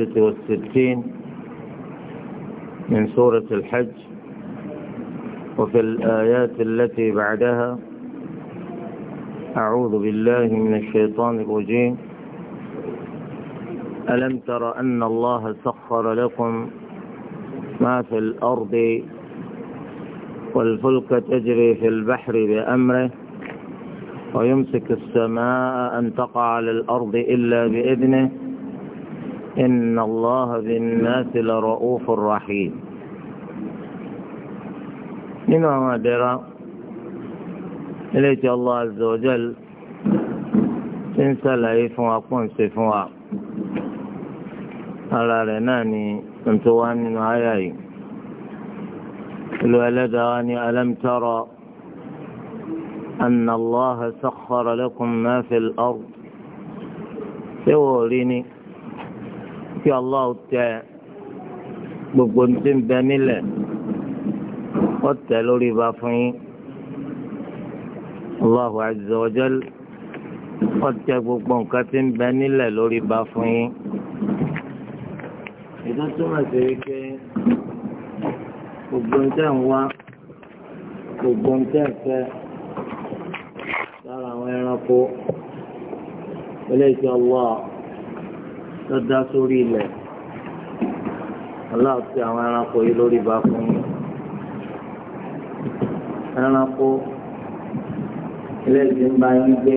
ستة والستين من سورة الحج وفي الآيات التي بعدها أعوذ بالله من الشيطان الرجيم ألم تر أن الله سخر لكم ما في الأرض والفلك تجري في البحر بأمره ويمسك السماء أن تقع على الأرض إلا بإذنه إن الله بالناس لرؤوف رحيم nínú àwọn àdẹ́ra ilé tí Allah azza wa jal ti ń ṣàlàyé fún wa pọ̀ ń ṣe fún wa ara rẹ̀ náà ni tuntun wa nínú àyà yìí ìlú ẹlẹ́dàá wa ni alam tara anna Allah sakhkhara lakum ma fil ard ṣé wò rí ni kí Allah tẹ gbogbo tí ń bẹ nílẹ̀ wọ́n tẹ lórí ibà fún yín Allahu azza wa jal wọ́n tẹ gbogbo nǹkan tí ń bẹ nílẹ̀ lórí ibà fún yín. ìdá túmọ̀ sí wípé gbogbo ń tẹ̀ ń wá gbogbo ń tẹ̀ fẹ́ lára àwọn ẹranko eléyìí tí Allah tó dá sórí ilẹ̀ aláwọ̀ tí àwọn ẹranko yìí lórí bá fún yín ẹranko ẹlẹ́sìn ń bá yín gbé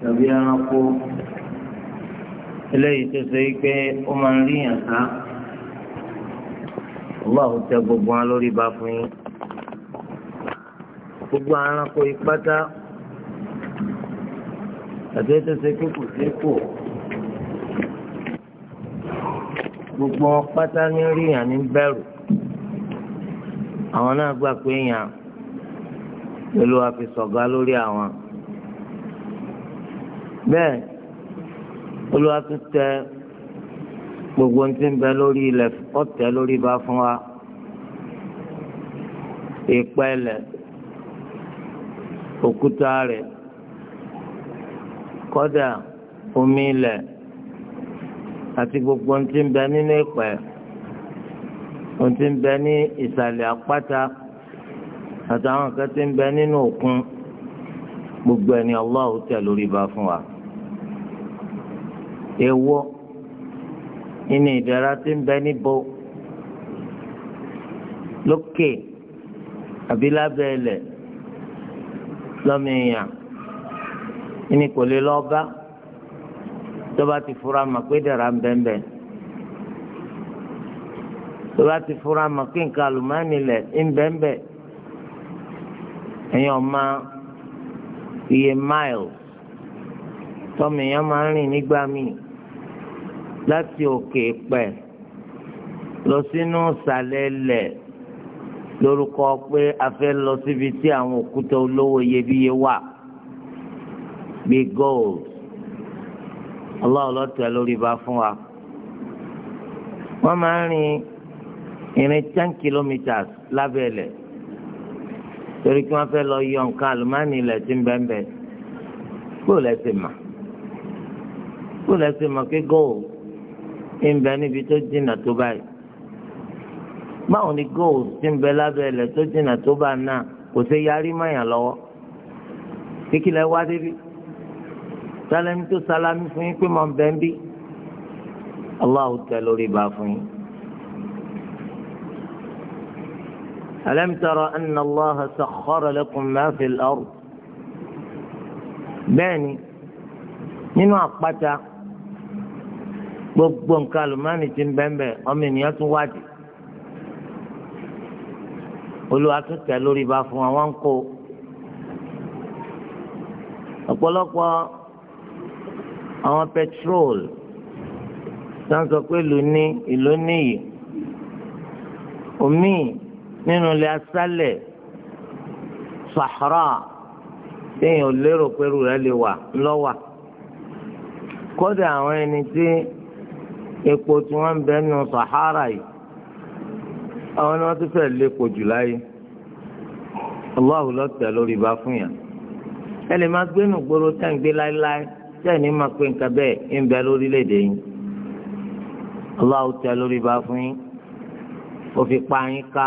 tàbí ẹranko eléyìí tó ṣe pé ó máa ń rí yàn ká ọlọ́run tẹ gbogbo wọn lórí bá fún yín gbogbo ẹranko yìí pátá àti ètò ṣe kò sí kù. gbogbo pátá ní rí yàn ní bẹ̀rù àwọn náà gbà pé yàn pẹ̀lú àfisọ̀gá lórí àwọn bẹ́ẹ̀ olúwa tún tẹ gbogbo ti ń bẹ lórí ilẹ̀ ọ̀tẹ̀ lórí bá fún wa ìpẹ́lẹ̀ òkúta rẹ̀ kọ́dà omi ilẹ̀. àti gbogbo ohun tí ń bẹ nínú ìpẹ́ ohun tí ń bẹ ní ìsàlẹ̀ àpáta àtàwọn kan tí ń bẹ nínú òkun gbogbo ẹni Allah tẹ̀ lórí ba fún wa. èwo nínú ìdára tí ń bẹ níbo lókè àbí lábẹ́ ilẹ̀ lọ́mọ èèyàn tó bá ti fura mọ̀ pé dàrá ń bẹ́ńbẹ́ tó bá ti fura mọ̀ pé nǹkan àlùmọ́ọ́nì lẹ̀ ń bẹ́ńbẹ́ èèyàn máa iye máìlì tọ́mìyàn máa ń rìn nígbà míì láti òkè pẹ̀ lọ sínú ìsàlẹ̀ lẹ̀ lórúkọ pé a fẹ́ lọ síbi tí àwọn òkúta olówó iyebíye wà bíi gold Allah ló tẹ lórí ba fún wa wọ́n máa ń rin ìrìn ten kilometres lábẹ́lẹ̀ torí kí wọ́n fẹ́ lọ yọ nǹkan àlùmáàní ilẹ̀ tí ń bẹ́ẹ̀ bẹ́ẹ̀ kó lẹ́sìn mà kó lẹ́sìn mà pé gold ń bẹ níbi tó jìnnà tó báyìí báwo ni gold ti ń bẹ lábẹ́lẹ̀ tó jìnnà tó bá náà kò ṣe yarí mọ́yàn lọ́wọ́ kíkí lẹ́ wá débi sálẹ́mi tó sálámi fún yín pé mọ̀ ń bẹ́ ń bí aláwo tẹ lórí ibà fún yín. ألم تر أن الله سخر لكم ما في الأرض bẹ́ẹ̀ni nínú àpáta gbogbo nǹkan àlùmọ́ọ́nì ti ń bẹ́ẹ̀nbẹ́ ọmọ ènìyàn tún wádìí olùwà tún tẹ̀ lórí ibà fún wa wọ́n ń kó ọ̀pọ̀lọpọ̀ àwọn petrol tá à ń sọ pé ìlú ní ìlú níyì omi nínú ilẹ̀ asálẹ̀ sahara téèyàn ò lérò pẹ̀lú rẹ̀ lè wà lọ́wà kódà àwọn ẹni tí epo tí wọ́n ń bẹ nù sahara yìí àwọn ni wọ́n ti fẹ́ lépo jù láyé Allahu ló tẹ̀ lórí ibà fún yàn ẹ lè má gbénu gbòòrò tẹ̀ ń gbé láéláé sẹ́yìn ní máa pe nǹkan bẹ́ẹ̀ ń bẹ lórílẹ̀‐èdè yín Allah tẹ lórí ba fún yín ó fi pa yín ká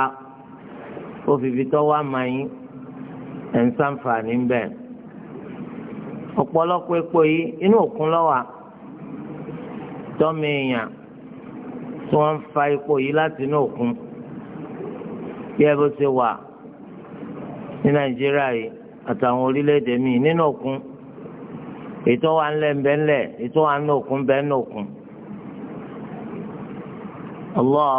ó fi fi tọ́wọ́ àmà yín ẹ̀ ń sàǹfààní ń bẹ ọ̀pọ̀lọpọ̀ epo yìí inú òkun lọ́wà tọ́mọ èèyàn tí wọ́n ń fa epo yìí láti inú òkun bí ẹ bó ṣe wà ní Nàìjíríà yìí àtàwọn orílẹ̀-èdè míì nínú òkun ètò wa ńlẹ̀ ńbẹ́ńlẹ̀ ètò wa ńlọ̀kùn ńbẹ́ńlọ̀kùn. Allah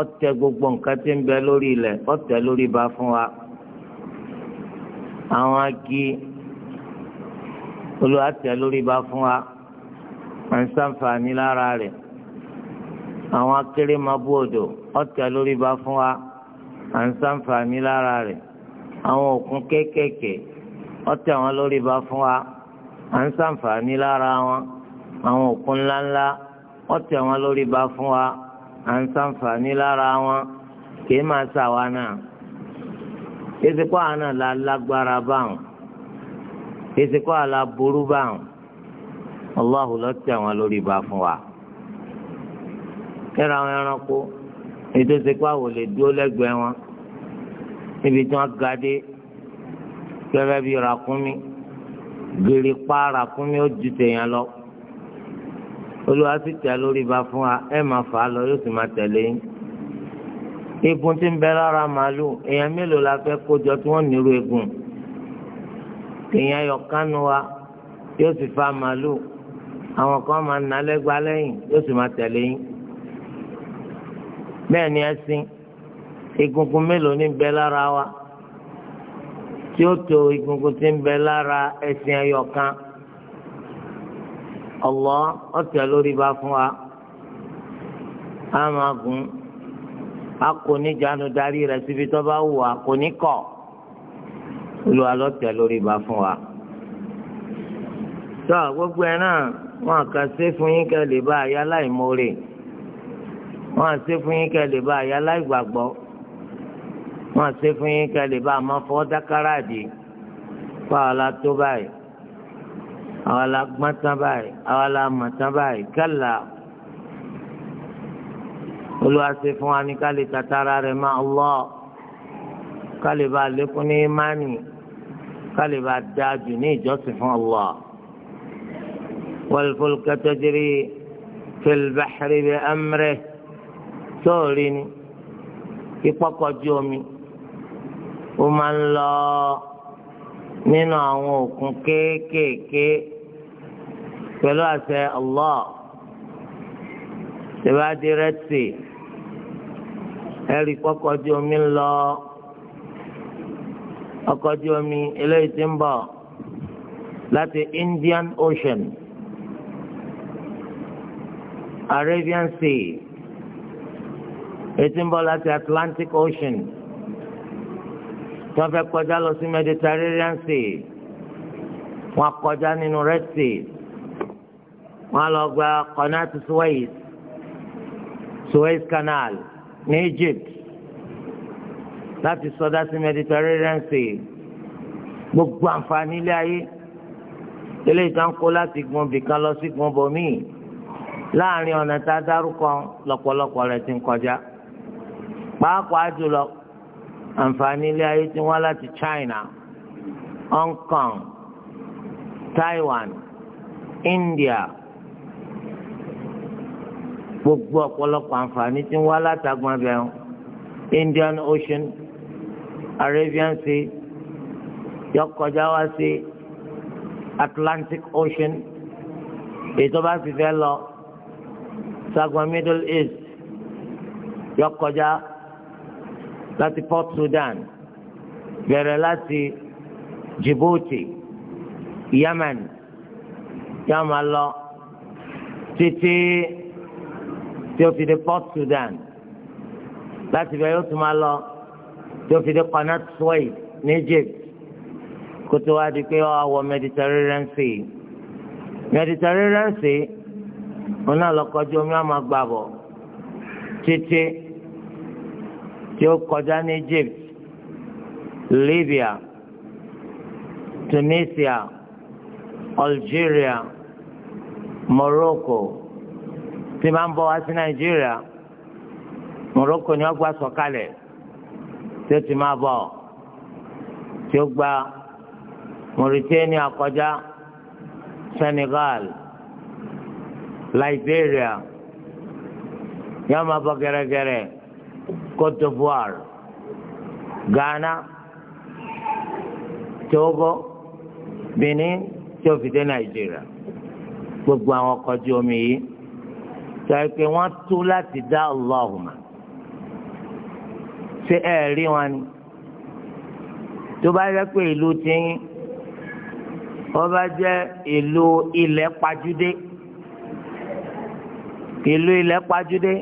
ọtẹ gbogbo nǹkan tí ń bẹ lórí ilẹ̀ ọtẹ lórí ba fún wa. àwọn agi olùwàtẹ lórí ba fún wa à ń sàǹfààní lára rẹ̀. àwọn akéré máa bú odò ọtẹ lórí ba fún wa à ń sàǹfààní lára rẹ̀. àwọn òkun kéékèèké ọtẹ wọn lórí ba fún wa à ń sàǹfààní lára wọn àwọn òkun ńláńlá wọ́n tẹ̀ wọ́n lórí ba fún wa à ń sàǹfààní lára wọn kì í máa sà wá náà ezekwa àná la lágbára báwọn ezekwa àlá burú báwọn ọlọ́hùn ló tẹ̀ wọ́n lórí ba fún wa kẹ́ra àwọn ẹranko ètò ìsìnkú àwọn lè dúró lẹ́gbẹ̀ẹ́ wọn níbi tí wọ́n ga dé gẹ́gẹ́ bí ràkúnmí gèrè para kún mi ó ju tèèyàn lọ olúwa sì tẹ lórí ba fún wa ẹ máa fà á lọ yóò sì máa tẹ̀lé yín egun tí ń bẹ lára màálù èèyàn mélòó la fẹ́ kójọ tí wọ́n nírú egun èèyàn yọ kánú wa yóò sì fa màálù àwọn kan máa nà lẹ́gba lẹ́yìn yóò sì máa tẹ̀lé yín bẹ́ẹ̀ ni ẹṣin egungun mélòó ní bẹ lára wa tí ó to egungun tí ń bẹ lára ẹsìn ẹyọ kan Allah ọtẹ lórí bá fún wa a máa gùn a kò ní jánu darí rẹ̀ síbi tó bá wù wá kò ní kọ̀ olùwà lọtẹ lórí bá fún wa tọ́ gbogbo ẹ̀ náà wọ́n kà ṣe fún yín kẹ́ lè bá àyà láì mórè wọ́n ṣe fún yín kẹ́ lè bá àyà láì gbàgbọ́ wọ́n ṣe fún yín kẹ́ lè bá a máa fọ́ dákàrà dì fáwọn la tó báyìí àwọn la gbọ́n tán báyìí àwọn la mọ̀ tán báyìí kẹ́là olúwa ṣe fún wa ní ká lè tàtàrà rẹ̀ máa Allah ká lè bá a lékún ní imáni ká lè bá a dáa jù ní ìjọsìn fún Allah. والفلك تجري في البحر بأمره سوري ni ìpọkọjú omi ó máa ń lọ nínú àwọn òkun kéékèèké pẹ̀lú àṣẹ Allah tẹ̀wádìí rẹ́tì ẹ̀rí kọ́kọ́ tí omi ń lọ ọkọ̀ tí omi eléyìí ti ń bọ̀ láti Indian Ocean Arabian Sea èyí ti ń bọ̀ láti Atlantic Ocean tí wọ́n fẹ́ kọjá lọ sí Mediterranean sea wọ́n kọjá nínú Red sea wọ́n lọ gba Qanat Suez Suez Canal ní Egypt láti sọdá sí Mediterranean sea gbogbo àǹfààní ilé ayé eléyìí kan kó láti gun bìkan lọ sí gun bòmíì láàrin ọ̀nà tá a dárúkọ lọ́pọ̀lọpọ̀ rẹ̀ ti ń kọjá pàápàá jùlọ àǹfààní ilé ayé ti wá láti China Hong Kong Taiwan India gbogbo ọ̀pọ̀lọpọ̀ àǹfààní ti wá látàgbọn abẹ́hùn Indian Ocean Arabian Sea yọkọjá wá sí Atlantic Ocean ètò bá sì fẹ́ lọ sagbọn Middle East yọkọjá láti Port Sudan bẹ̀rẹ̀ láti Djibouti Yemen yóò máa lọ títí tí ó fi dé Port Sudan láti bẹ̀rẹ̀ yóò tún máa lọ tí ó fi dé Qanat Suwait ní Egypt kó tó di pé ó wọ Mediterranean Sea Mediterranean Sea wọn náà lọ kọjú omi àmọ́ gbàbọ̀ títí tí ó kọjá ní Egypt Libya Tunisia Algeria Morocco tí máa ń bọ̀ wá sí Nàìjíríà Morocco ni wọ́n gbà sọ̀kalẹ̀ tí ó ti máa bọ̀ tí ó gba Mauritania kọjá Senegal Liberia yóò máa bọ̀ gẹ́rẹ́gẹ́rẹ́. Côte d'Ivoire Ghana Togo Benin tí ó fi dé Nàìjíríà gbogbo àwọn ọkọ̀ ojú omi yìí sọ pé wọ́n tú láti dá Allahumma ṣé ẹ rí wọn ni tó bá yẹ pé ìlú tiyín wọ́n bá jẹ́ ìlú ilẹ̀ pajúdé ìlú ilẹ̀ pajúdé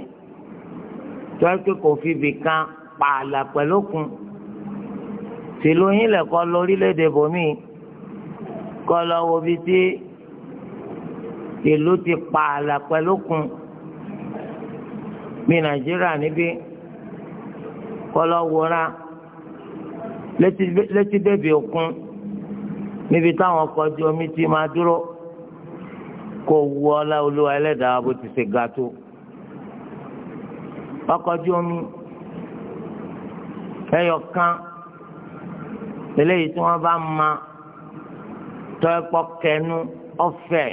tó ẹ pé kò fi ibì kan pààlà pẹ̀lú kun tìlú yín lẹ̀kọ́ lórílẹ̀‐èdè bòmí kọ́ lọ wo bí tí tìlú ti pààlà pẹ̀lú kun bí nàìjíríà níbí kọ́ lọ wòra létí bèbè òkun níbi táwọn ọkọ̀ omi ti máa dúró kò wú ọlá olúwa ẹlẹ́dàá bó ti ṣe ga tó ọkọ̀ ojú omi ẹyọ kan eléyìí tí wọ́n bá ma tọ́ ẹ̀pọ̀ kẹnu ọ̀fẹ́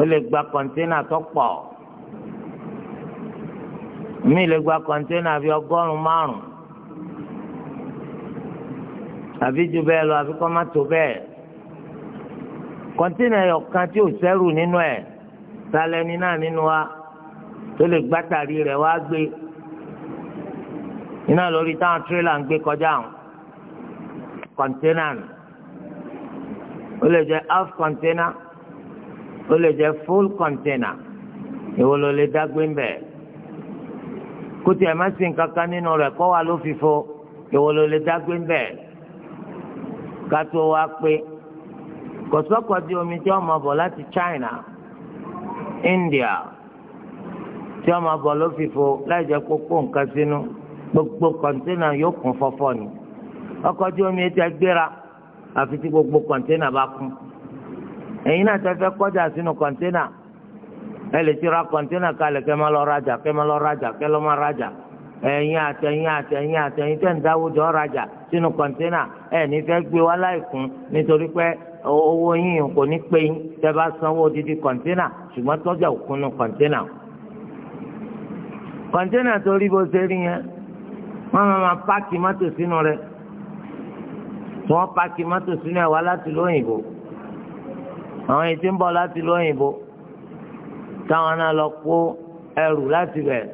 ó lè gba kọ̀ńténà tó pọ̀ mi lè gba kọ̀ńténà bíi ọgọ́rùn-ún márùn-ún àbí ju bẹ́ẹ̀ lọ àbí kọ́ má tó bẹ́ẹ̀ kọ̀ńténà ẹyọ kan tí ò sẹ́rù nínú ẹ̀ ta náà nínú wa tó lè gbátàrí rẹ̀ wá gbé iná lórí táwọn tírélà ń gbé kọjá àwọn kọ̀ńténà nù ó lè jẹ́ half container ó lè jẹ́ full container ìwọ ló lè dágbé ń bẹ̀ kó tiẹ̀ má sí nǹkankan nínú rẹ̀ kọ́ wa ló fi fo ìwọ ló lè dágbé ń bẹ̀ ká tó pé kọ̀sọ́kọ̀ di omi tí wọ́n mọ̀ bọ̀ láti China, India. tí wọn máa bọ lọfìfo láì jẹ kó kó nǹkan sínú gbogbo kọńténà yóò kún fọfọ ni ọkọ tí omi ti gbéra àfi tí gbogbo kọńténà bá kún ẹ̀yin náà tẹ fẹ́ kọjá sínú kọńténà ẹ lè ti ra kọńténà kalẹ̀ kẹ́ máa lọ rajà lọ rajà lọ rajà ń rajà sínú kọńténà ẹ ní gbé wá nítorí pé owó kò ní pé yín kọ̀ńténà tó rí bó ṣe rí yẹn wọ́n máa ma páàkì mọ́tò sínú rẹ̀ wọ́n páàkì mọ́tò sínú ẹ̀ wá láti lóyìnbó àwọn èyí tí ń bọ̀ láti lóyìnbó táwọn náà lọ kó ẹrù láti bẹ̀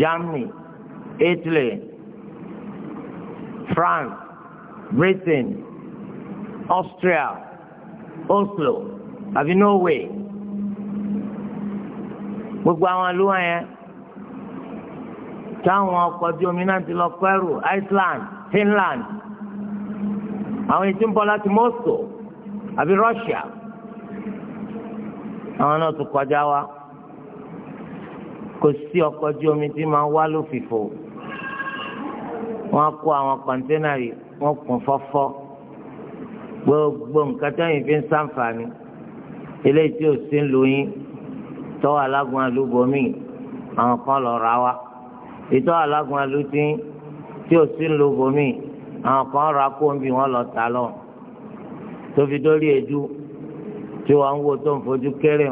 Germany Italy France Britain Austria Oslo àbí Norway gbogbo àwọn àlùwà yẹn táwọn ọkọ̀ ojú omi náà ti lọ pẹ́rù Iceland Finland àwọn ètò ń bọ̀ láti Moscow àbí Russia àwọn náà tún kọjá wa kò sí ọkọ̀ ojú omi tí máa wá lófìfo wọ́n kó àwọn kọ̀ńténà yìí wọ́n kún fọ́fọ́ gbogbo nǹkan tẹ́yìn fi ń ṣàǹfààní eléyìí tí ò sí ń lò tọ́wọ́ alágun àlúbọ̀mí àwọn kan lọ ra wa ìtọ́ alágun alúti tí ò sí lo bomi àwọn kan ra kóńbì wọn lọ tà lọ tó fi dórí èédú tí wọn ń wo tó ń fojú kéré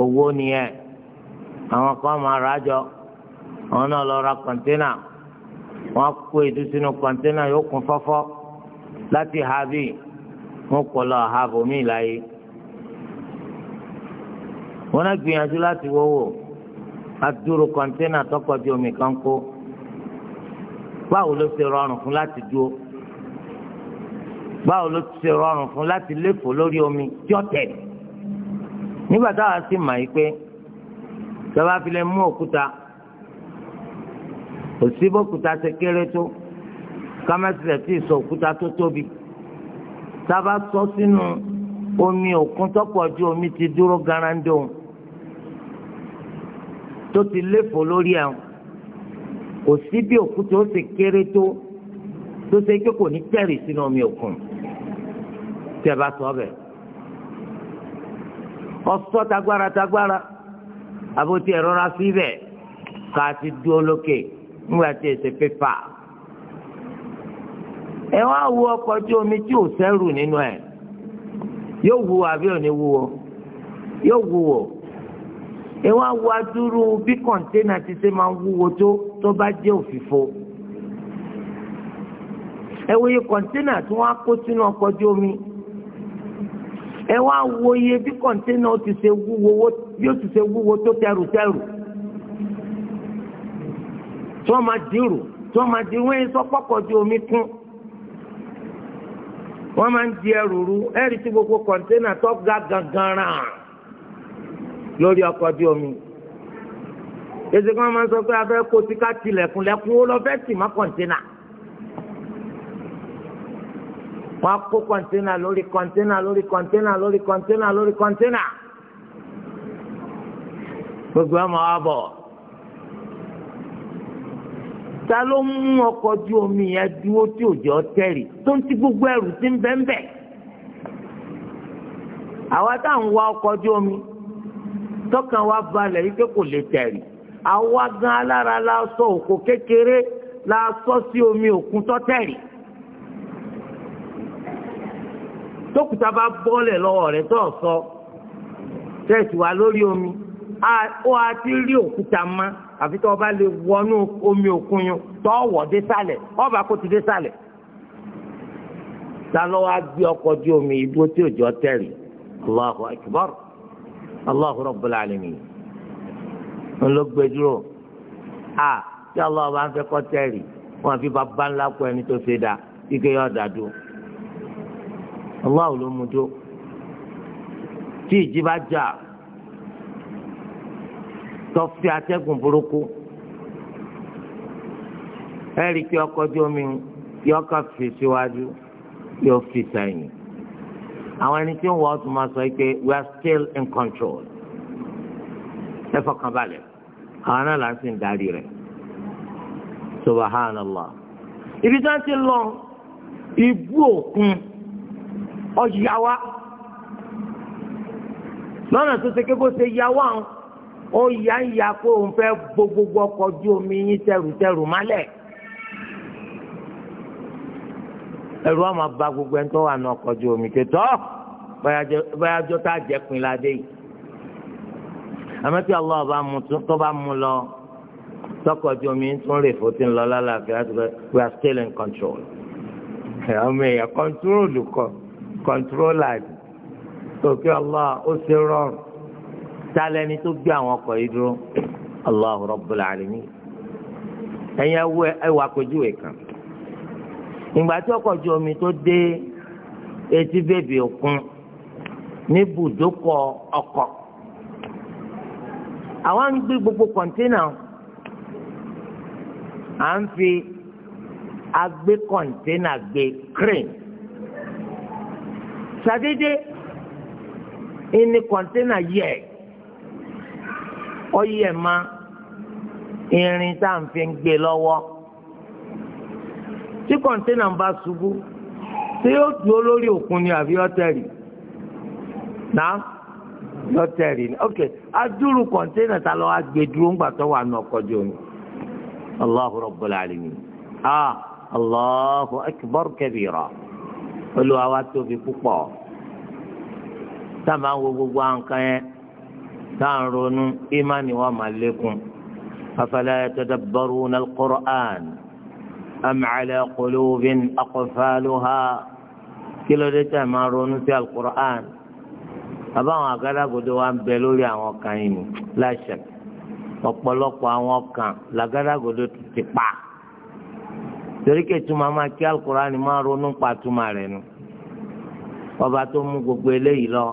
owó nìyẹn àwọn kan máa rà jọ àwọn náà lọ ra kọ̀ńténà wọn kó èédú sínú kọ̀ńténà yóò kún fọ́fọ́ láti ha bíi wọn kọ lọ ha bomi láyé wọn náà gbìyànjú láti wọ́wọ́ adúró kọ́ńténà tọkọ̀ bí omi kan kó báwo ló ṣe rọrùn fún láti dúró báwo ló ṣe rọrùn fún láti léfò lórí omi tí ó tẹ̀ nígbà táwa sì mà yìí pé tọ́ba fi lè mú òkúta òsibó òkúta ṣe kéré tó kámẹ́sìlẹ̀ tí ìsọ òkúta tó tóbi tába sọ sínú omi òkun tọ́pọ̀ ju omi ti dúró garandóhùn tó ti léfò lórí ẹ̀ kò sí bí òkúta ó sì kéré tó tó ṣe pé kò ní tẹ̀rì sínú omi òkun tẹ́ bá sọ bẹ́ẹ̀ ọsọ tagbára tagbára àbótí ẹ̀rọ ra síbẹ̀ ká ti dúró lókè nígbà tí èsè pépà ẹ wá wo ọkọ̀ omi tí ò sẹ́rù nínú ẹ̀ yóò àbí yóò ewa wá wo bí kọ̀ńténà ti ṣe máa wúwo tó tó bá jẹ́ òfìfo ẹ wo iye kọ̀ńténà tí wọ́n á omi ẹ wá wo iye bí kọ̀ńténà ti ṣe wúwo yóò ti ṣe wúwo tó tẹrùtẹrù tí wọ́n máa dìrù tí wọ́n máa di omi kún wọ́n máa ń di ẹrù rú tí gbogbo kọ̀ńténà tó ga gangan lórí ọkọ̀ ojú omi èsì kan máa ń sọ pé abẹ́ kó sí ká tilẹ̀kùn lẹ́kùn ó lọ fẹ́ tì má kọ̀ǹtínà wọ́n á kó kọ̀ǹtínà lórí kọ̀ǹtínà lórí kọ̀ǹtínà lórí kọ̀ǹtínà lórí kọ̀ǹtínà gbogbo ọmọ wa bọ̀ ta ló mú ọkọ̀ ojú omi yẹn dúró tí òjò tẹ̀rì tó ń ti gbogbo ẹrù tí ń bẹ́ńbẹ́ àwa táwọn wa ọkọ̀ ojú omi tọkàn wa balẹ̀ yìí pé kò lè tẹ̀rì àwa gan alára la sọ òkò kékeré la sọ sí omi òkun tọ́tẹ̀rì tókùtà bá bọ́lẹ̀ lọ́wọ́ rẹ̀ tó sọ tẹ̀sí wa lórí omi ó a ti rí òkúta mọ́ àfi tó o bá lè wọnú omi òkun yun tó wọ̀ dé sálẹ̀ ọba kó ti dé sálẹ̀ ta ló wá gbé ọkọ̀ ojú omi ìdúró tí òjò tẹ̀rì Allahu Akbar. Allahu Rabbul Alamin ń ló gbé dúró a tí Allah bá ń fẹ́ kọ́ tẹ́rì wọn fi bàbá ńlá kọ ẹni tó ṣe dá ike yọ ọ̀dà dúró Allah ló mú dúró tí ìjì bá jà tọ́fí atẹ́gùn burúkú ẹ̀rí kí ọkọ̀ ojú omi yọ ká fi síwájú yóò fi sẹ́yìn àwọn ẹni tí ń wọ ọtún máa sọ pé we are still in control ẹ fọkàn balẹ̀ àwọn náà là ń sìn darí rẹ̀ subahánàlá ibi tí wọ́n ti lọ ibú òkun ọ̀yàwá lọ́nà tó ṣe kébó ṣe yàwá ó yà ń yà pé òun fẹ́ bo ọkọ̀ ojú omi yín tẹrùtẹrù málẹ̀. ẹ̀rù àmọ́ bá gbogbo ẹni tó wà ní ọkọ̀ ojú omi kẹtọ́ báyájọ́ tá a jẹ́ pin ládé yìí àmọ́ tí bá mu tó bá mu lọ tọkọ̀ ojú omi tún rè fò tí ń lọ lálàáfíà we are still in control ọmọ èèyàn kọ́ńtúrólù kọ́ kọ́ńtúrólà tòkí Allah ó ṣe rọrùn tálẹ́ni tó gbé àwọn ọkọ̀ yìí dúró Allah Rabbul Alamin ẹ̀yin ẹwà àpèjúwe kan. ìgbà tí ọkọ̀ omi tó dé etí bèbè òkun ní bùdókọ̀ ọkọ̀ àwọn gbé gbogbo à ń fi agbé kọ̀ńténà gbé crane ṣàdédé ìní yẹ ọ yẹ ma irin tá à ń fi gbé tí kọ̀ńténà ń bá ṣubú ṣé yóò dúró lórí òkun ni àbí ọ̀tẹ̀rì náà lọ́tẹ̀rì ni ok adúrú kọ̀ńténà ta lọ́wọ́ agbèdúró ńgbà tó wà nù ọkọ̀ jọ ni Allahu Rabbul Alamin ah Allahu Akbar kabira Olúwa wa tóbi púpọ̀ tá ń wo gbogbo àwọn yẹn tá ń ronú ìmánìwá máa lékún afala yatadabbaruna al-Qur'an. أم على قلوب أقفالها kílò dé tẹ̀ máa ronú sí alukur'an bàbá àwọn àgádágodo wa ń bẹ lórí àwọn kan yìí ni láṣẹ ọ̀pọ̀lọpọ̀ àwọn kan làgádágodo ti pa torí kẹtùmọ̀ máa kí alukur'an máa ronú pa túmọ̀ rẹ̀ nu ọba tó mú gbogbo eléyìí lọ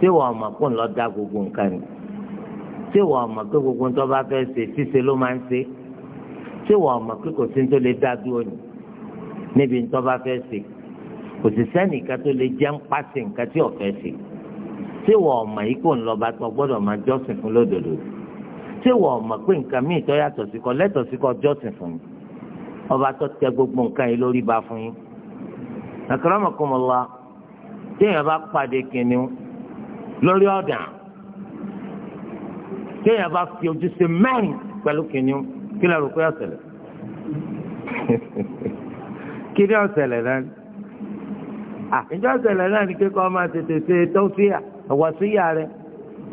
tí wọ́n mọ̀ kó ń lọ dá gbogbo nǹkan ni tí wọ́n mọ̀ pé gbogbo ń tọ́ bá fẹ́ ṣe ṣíṣe ló máa ń ṣe ṣé wọ́n mọ̀ pé kò sí ní tó lè dá dúró ni níbi ní tó bá fẹ́ ṣe kò sì sẹ́nìkan tó lè jẹ́ ń pàṣẹ nǹkan tí ọ̀fẹ́ ṣe ṣé wọ́n mọ̀ yìí kò ń lọ́ba tó gbọ́dọ̀ máa jọ́sìn fún lódodo ṣé wọ́n mọ̀ pé nǹkan míì tó yàtọ̀ sí kọ lẹ́tọ̀ sí kọ jọ́sìn fún yìí ọba tó tẹ gbogbo nǹkan yìí lórí ba fún yín akramakumullah téèyàn bá pàdé kìnìún lórí ọ̀dàn téèyàn bá fi ojúṣe mẹ́rin pẹ̀lú kìnìún kí lè rò pé ọ̀sẹ̀lẹ̀ kí ni ọ̀sẹ̀lẹ̀ náà ni àìjọ ọ̀sẹ̀lẹ̀ náà ni kíkọ́ máa tètè ṣe tọ́síyà ọ̀wọ́síyà rẹ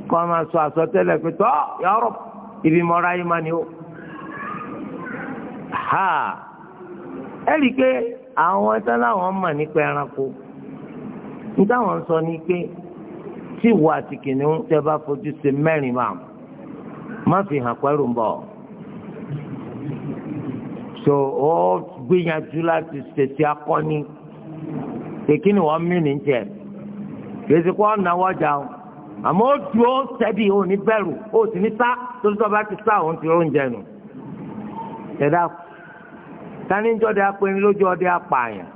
kọ́ máa sọ àsọtẹ́lẹ̀ pé tọ́ yọ̀rọ̀ ibi mọ́ra yìí máa ni ó. ẹ rí i pé àwọn ẹ̀tọ́ láwọn mọ̀ nípa ẹranko níta wọn sọ ni pé tí ìwọ àti kìnìún tẹ bá fojú sí mẹ́rin máa má fi hàn pẹ́rù ń bọ̀ tó ó gbìyànjú láti ṣètì akọni èkí ni wọ́n mí ní jẹ gbèsè kó ọ̀nà wọ́jà o àmọ́ ó ju ó sẹ́bi ò ní bẹ̀rù ó sì ní sá tó tó bá ti sá òun ti oúnjẹ nù ẹ̀dá tani jọ́dẹ apẹni lójú ọdẹ apààyàn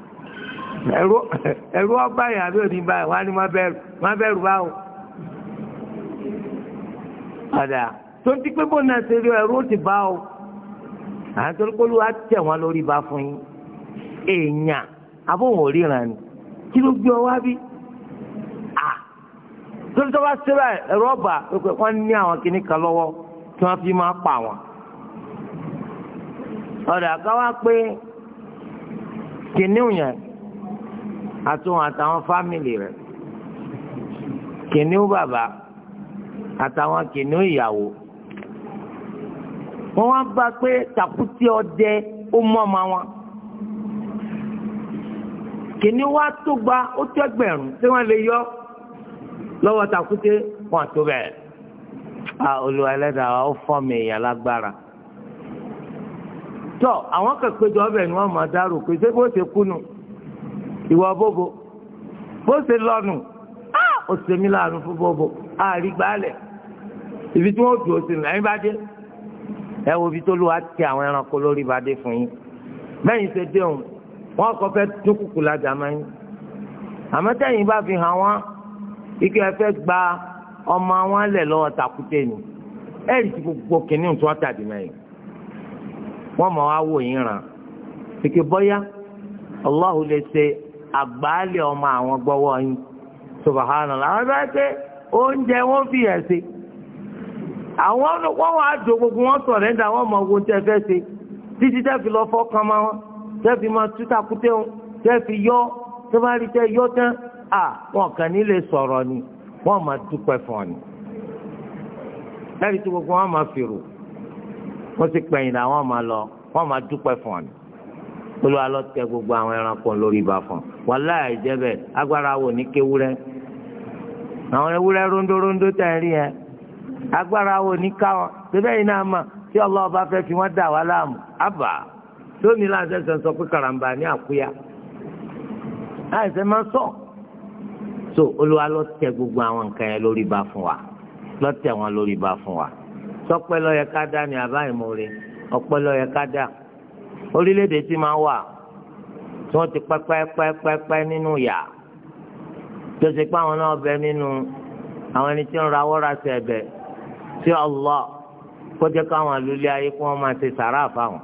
ẹ̀rú ọba yẹn àbí òní báyìí wọ́n á ní má bẹ̀rù má bẹ̀rù báwo. ọ̀dà tó ń ti pé bó na ṣe rí ẹ̀rú ti bá o àtòlùkọ́lù wa tẹ̀ wọ́n lórí ba fún yín èèyàn abóhùn òríran ni kí ló gbé ọ wá bí à torí tó bá síra ẹ̀rọ ọba ní àwọn kìnnì kan lọ́wọ́ tí wọ́n fi máa pa wọn. ọ̀dà káwá pé kìnnìún yẹn àtúnwọ̀n àtàwọn fámìlì rẹ̀ kìnnìún bàbá àtàwọn kìnnìún ìyàwó wọ́n wá bá pé tàkútì ọdẹ ó mọ́ ọmọ wọn kìnìún wá tó gba ó tẹ́gbẹ̀rún tí wọ́n lè yọ lọ́wọ́ tàkútì wọn tó bẹ́ẹ̀ a olùwà ẹlẹ́dàá wa ó fọ́ mi èèyàn lágbára tọ́ àwọn kẹ̀kẹ́ jọ ọbẹ̀ ni wọ́n máa dárò pé ṣé bó ṣe kúnu ìwọ bóbo bó ṣe lọ́nu ó ṣe mí láàánú fún bóbo àrígbálẹ̀ ibi tí wọ́n dùn ó sì nù ẹ̀yìn bá dé ẹ wo ibi tó lù wá ti àwọn ẹranko lórí ìbàdí fún yín bẹ́ẹ̀ ṣe dé òun wọ́n kọ́ fẹ́ tún kùkù lajà máa yín àmọ́ tẹ̀yìn bá fi hàn wọ́n ike ẹ fẹ́ gba ọmọ wọn lẹ̀ lọ́wọ́ takùté ni ẹ rí ti gbogbo kìnìún tí wọ́n tàdí mẹ́yìn wọ́n mọ̀ wá wò yín ràn ike bọ́yá Allah lè ṣe àgbáálẹ̀ ọmọ àwọn gbọ́wọ́ yín subahánàlá àwọn bá ṣe oúnjẹ wọn fi ẹ̀ ṣe àwọn wọ́n wá jò gbogbo wọn sọ̀rẹ́ndà wọn mọ ogun tẹ́ fẹ́ ṣe títí tẹ́ fi lọ fọ́kàn máa wọn tẹ́ fi máa tú takúté wọn tẹ́ fi yọ tẹ́ bá rí tẹ́ yọ tán à wọn kàn ní lè sọ̀rọ̀ ni wọ́n máa dúpẹ́ fún ọ ni. lẹ́yìn tí gbogbo wọn máa fèrò wọ́n ti pẹ̀yìn náà wọ́n máa lọ wọ́n máa dúpẹ́ fún ọ ni. olúwa lọ tẹ gbogbo àwọn ẹranko lórí ibà fún wọn láì jẹ́ bẹ́ẹ̀ agbára wò ní kéwúrẹ́ àwọn ewúrẹ́ róńdóróńdó tẹ̀ ń rí yẹn agbára wo ní ká wọn síbẹ̀ yìí náà mà tí Allah bá fẹ́ fi wọ́n dà wá láàmú àbà lónìí láti ẹsẹ̀ sọ pé karambà ní àkúyà láìsẹ̀ máa sọ so olúwa ló tẹ gbogbo àwọn nǹkan yẹn lórí ba fún wa ló tẹ wọn lórí ba fún wa sọpẹ́ ló yẹ ká dá ní àbá ìmoore ọpẹ́ ló yẹ ká dá orílẹ̀-èdè tí máa wà tí wọ́n ti pẹ́pẹ́pẹ́pẹ́ nínú yà tó ṣe pé àwọn náà bẹ nínú àwọn ẹni tí ń rawọ́ ra sí ẹ̀bẹ̀ sí Allah kọjá káwọn àlùlẹ ayé kí wọn máa ṣe sàrà fáwọn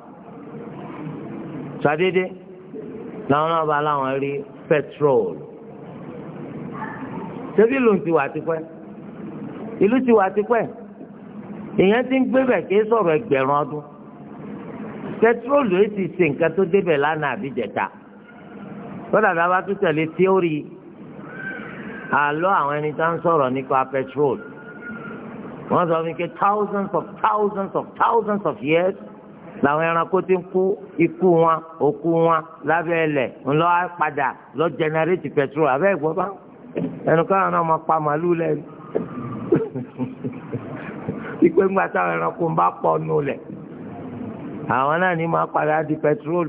sàdédé làwọn náà bá láwọn rí petrol ìlú ti wà tipẹ́ ti wà ti ń gbébẹ̀ kí sọ̀rọ̀ ẹgbẹ̀rún ọdún ti ṣe nǹkan tó débẹ̀ lánàá àbíjẹta tẹ̀lé tíórì àlọ́ àwọn wọ́n sọ mi pé thousands of thousands of thousands of years làwọn ẹranko ti ń kú ikú wọn òkú wọn lábẹ́ ẹlẹ̀ ńlọ padà lọ jẹnẹrétì pẹtrol abẹ́ ìgbọ́ bá ẹnu káwọn náà máa pa màálù lẹ́nu ìpè ńgbà táwọn ẹranko ń bá pọ̀ nù lẹ̀ àwọn náà ní máa padà di pẹtrol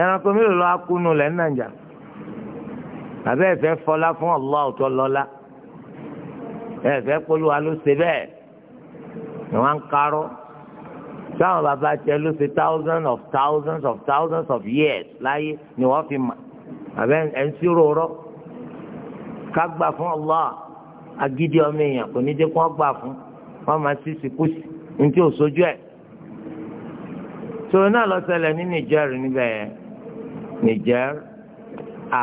ẹranko mélòó lọ́ọ́ kú nù lẹ́ ní nàìjà abẹ́ ìfẹ́ fọlá fún ọlọ́ọ̀tọ́ lọ́lá ẹ fẹ́ polówó ló ṣe bẹ́ẹ̀ ni wọ́n ń karọ́ sáwọn bàbá tiẹ̀ ló ṣe thousands of thousands of thousands of years láyé ni wọ́n fi mà àbẹ́ ẹ̀ ń sírò rọ́ ká fún Allah agídí ọmọ èèyàn kò ní dé kó wọ́n gbà fún wọ́n máa sí sìkúsì ní tí ò sojú ẹ̀ tòun náà lọ ṣẹlẹ̀ ní Niger níbẹ̀ Niger à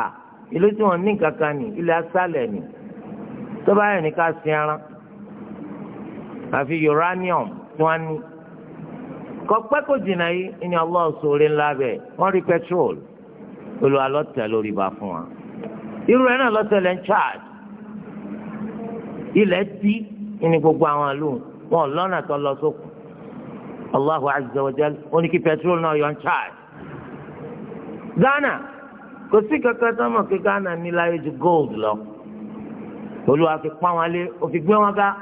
ìlú tí wọ́n ní kankan ní ilẹ̀ asálẹ̀ ni. Niger, ah, tó bá yẹn ní ká sin ẹran àfi uranium tí wọ́n ní kọpẹ́ kò jìnnà yìí ni Allah sóore ńlá bẹ̀ wọ́n rí petrol olùwà lọ́tẹ̀ lórí ba fún wa irú ẹ̀ náà lọ́tẹ̀ lẹ́ ń charge ilẹ̀ tí ní gbogbo àwọn àlù wọn lọ́nà tó lọ sókun Allahu azza wa jal ó ní kí petrol náà yọ ń charge Ghana kò sí kankan tó mọ̀ pé Ghana ní láyé ju gold lọ olúwa fi pa wọn lé ó fi gbé wọn ga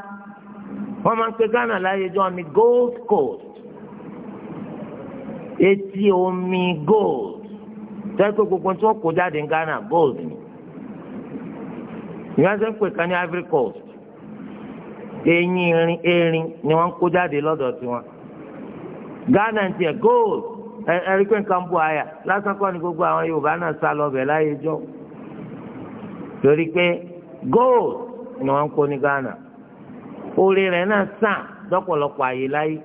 wọ́n máa ń pe Ghana láyé jọ Gold Coast etí omi gold tẹ́kọ̀ gbogbo tí wọ́n kó jáde Ghana gold ni ìyá sẹ́ pè ká ní Ivory Coast eyín erin erin ni wọ́n kó jáde lọ́dọ̀ tiwọn Ghana ń tiẹ̀ gold ẹ̀rí pé nǹkan bu àyà lásán kọ́ ni gbogbo àwọn Yorùbá náà sá lọ bẹ̀ láyé jọ pé gold ni wọ́n ń kó ní Ghana orí rẹ̀ náà sàn lọ́pọ̀lọpọ̀ àyè láyé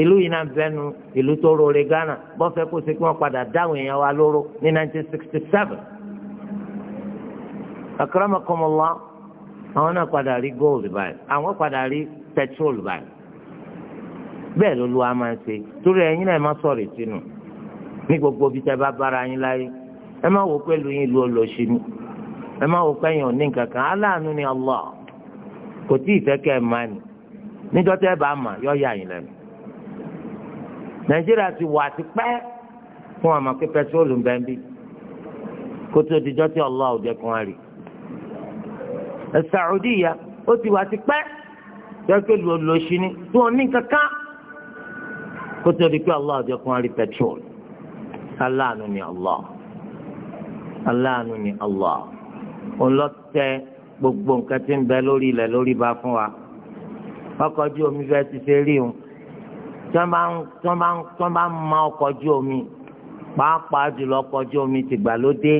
ìlú yìí náà bẹnu ìlú tó rọrẹ Ghana bọ́fẹ́ kó ṣe kí wọ́n padà dáhùn èèyàn wa lóró ní 1967 akramakumullah àwọn náà padà rí gold báyìí àwọn padà rí petrol báyìí bẹ́ẹ̀ ló lu wa máa ń ṣe torí ẹ̀yin náà ẹ má sọ̀rọ̀ ìtinú ní gbogbo ibi tẹ́ bá bára yín láyé ẹ má wò pé lu yín lu olóṣì ni ẹ má wò pẹ́yìn òní kankan aláàánú ni Allah kò tí ì fẹ́ kẹ́ ẹ má ni níjọ́ tẹ́ ẹ bá mà yọ ya yín lẹ́nu Nàìjíríà ti wà ti pẹ́ fún àmọ́ pé pẹtrólù ń bẹ́ ń bí kó tó dijọ́ tí Allah ò jẹ́ kàn á rí Saudiya ó ti wà ti pẹ́ yọ̀ọ́kẹ́ lu olóṣì ni tí wọ́n ní kankan kó tó di pé Allah ò jẹ́ kàn á rí pẹtrólù aláàánú ni Allah aláàánú ni Allah òun lọ tẹ gbogbo nǹkan tí ń bẹ lórí ilẹ̀ lórí ba fún wa ọkọ̀ ojú omi fẹ́ ti ṣe rí òun tí wọ́n bá ń ma ọkọ̀ ojú omi pàápàá jùlọ ọkọ̀ ojú omi tìgbàlódé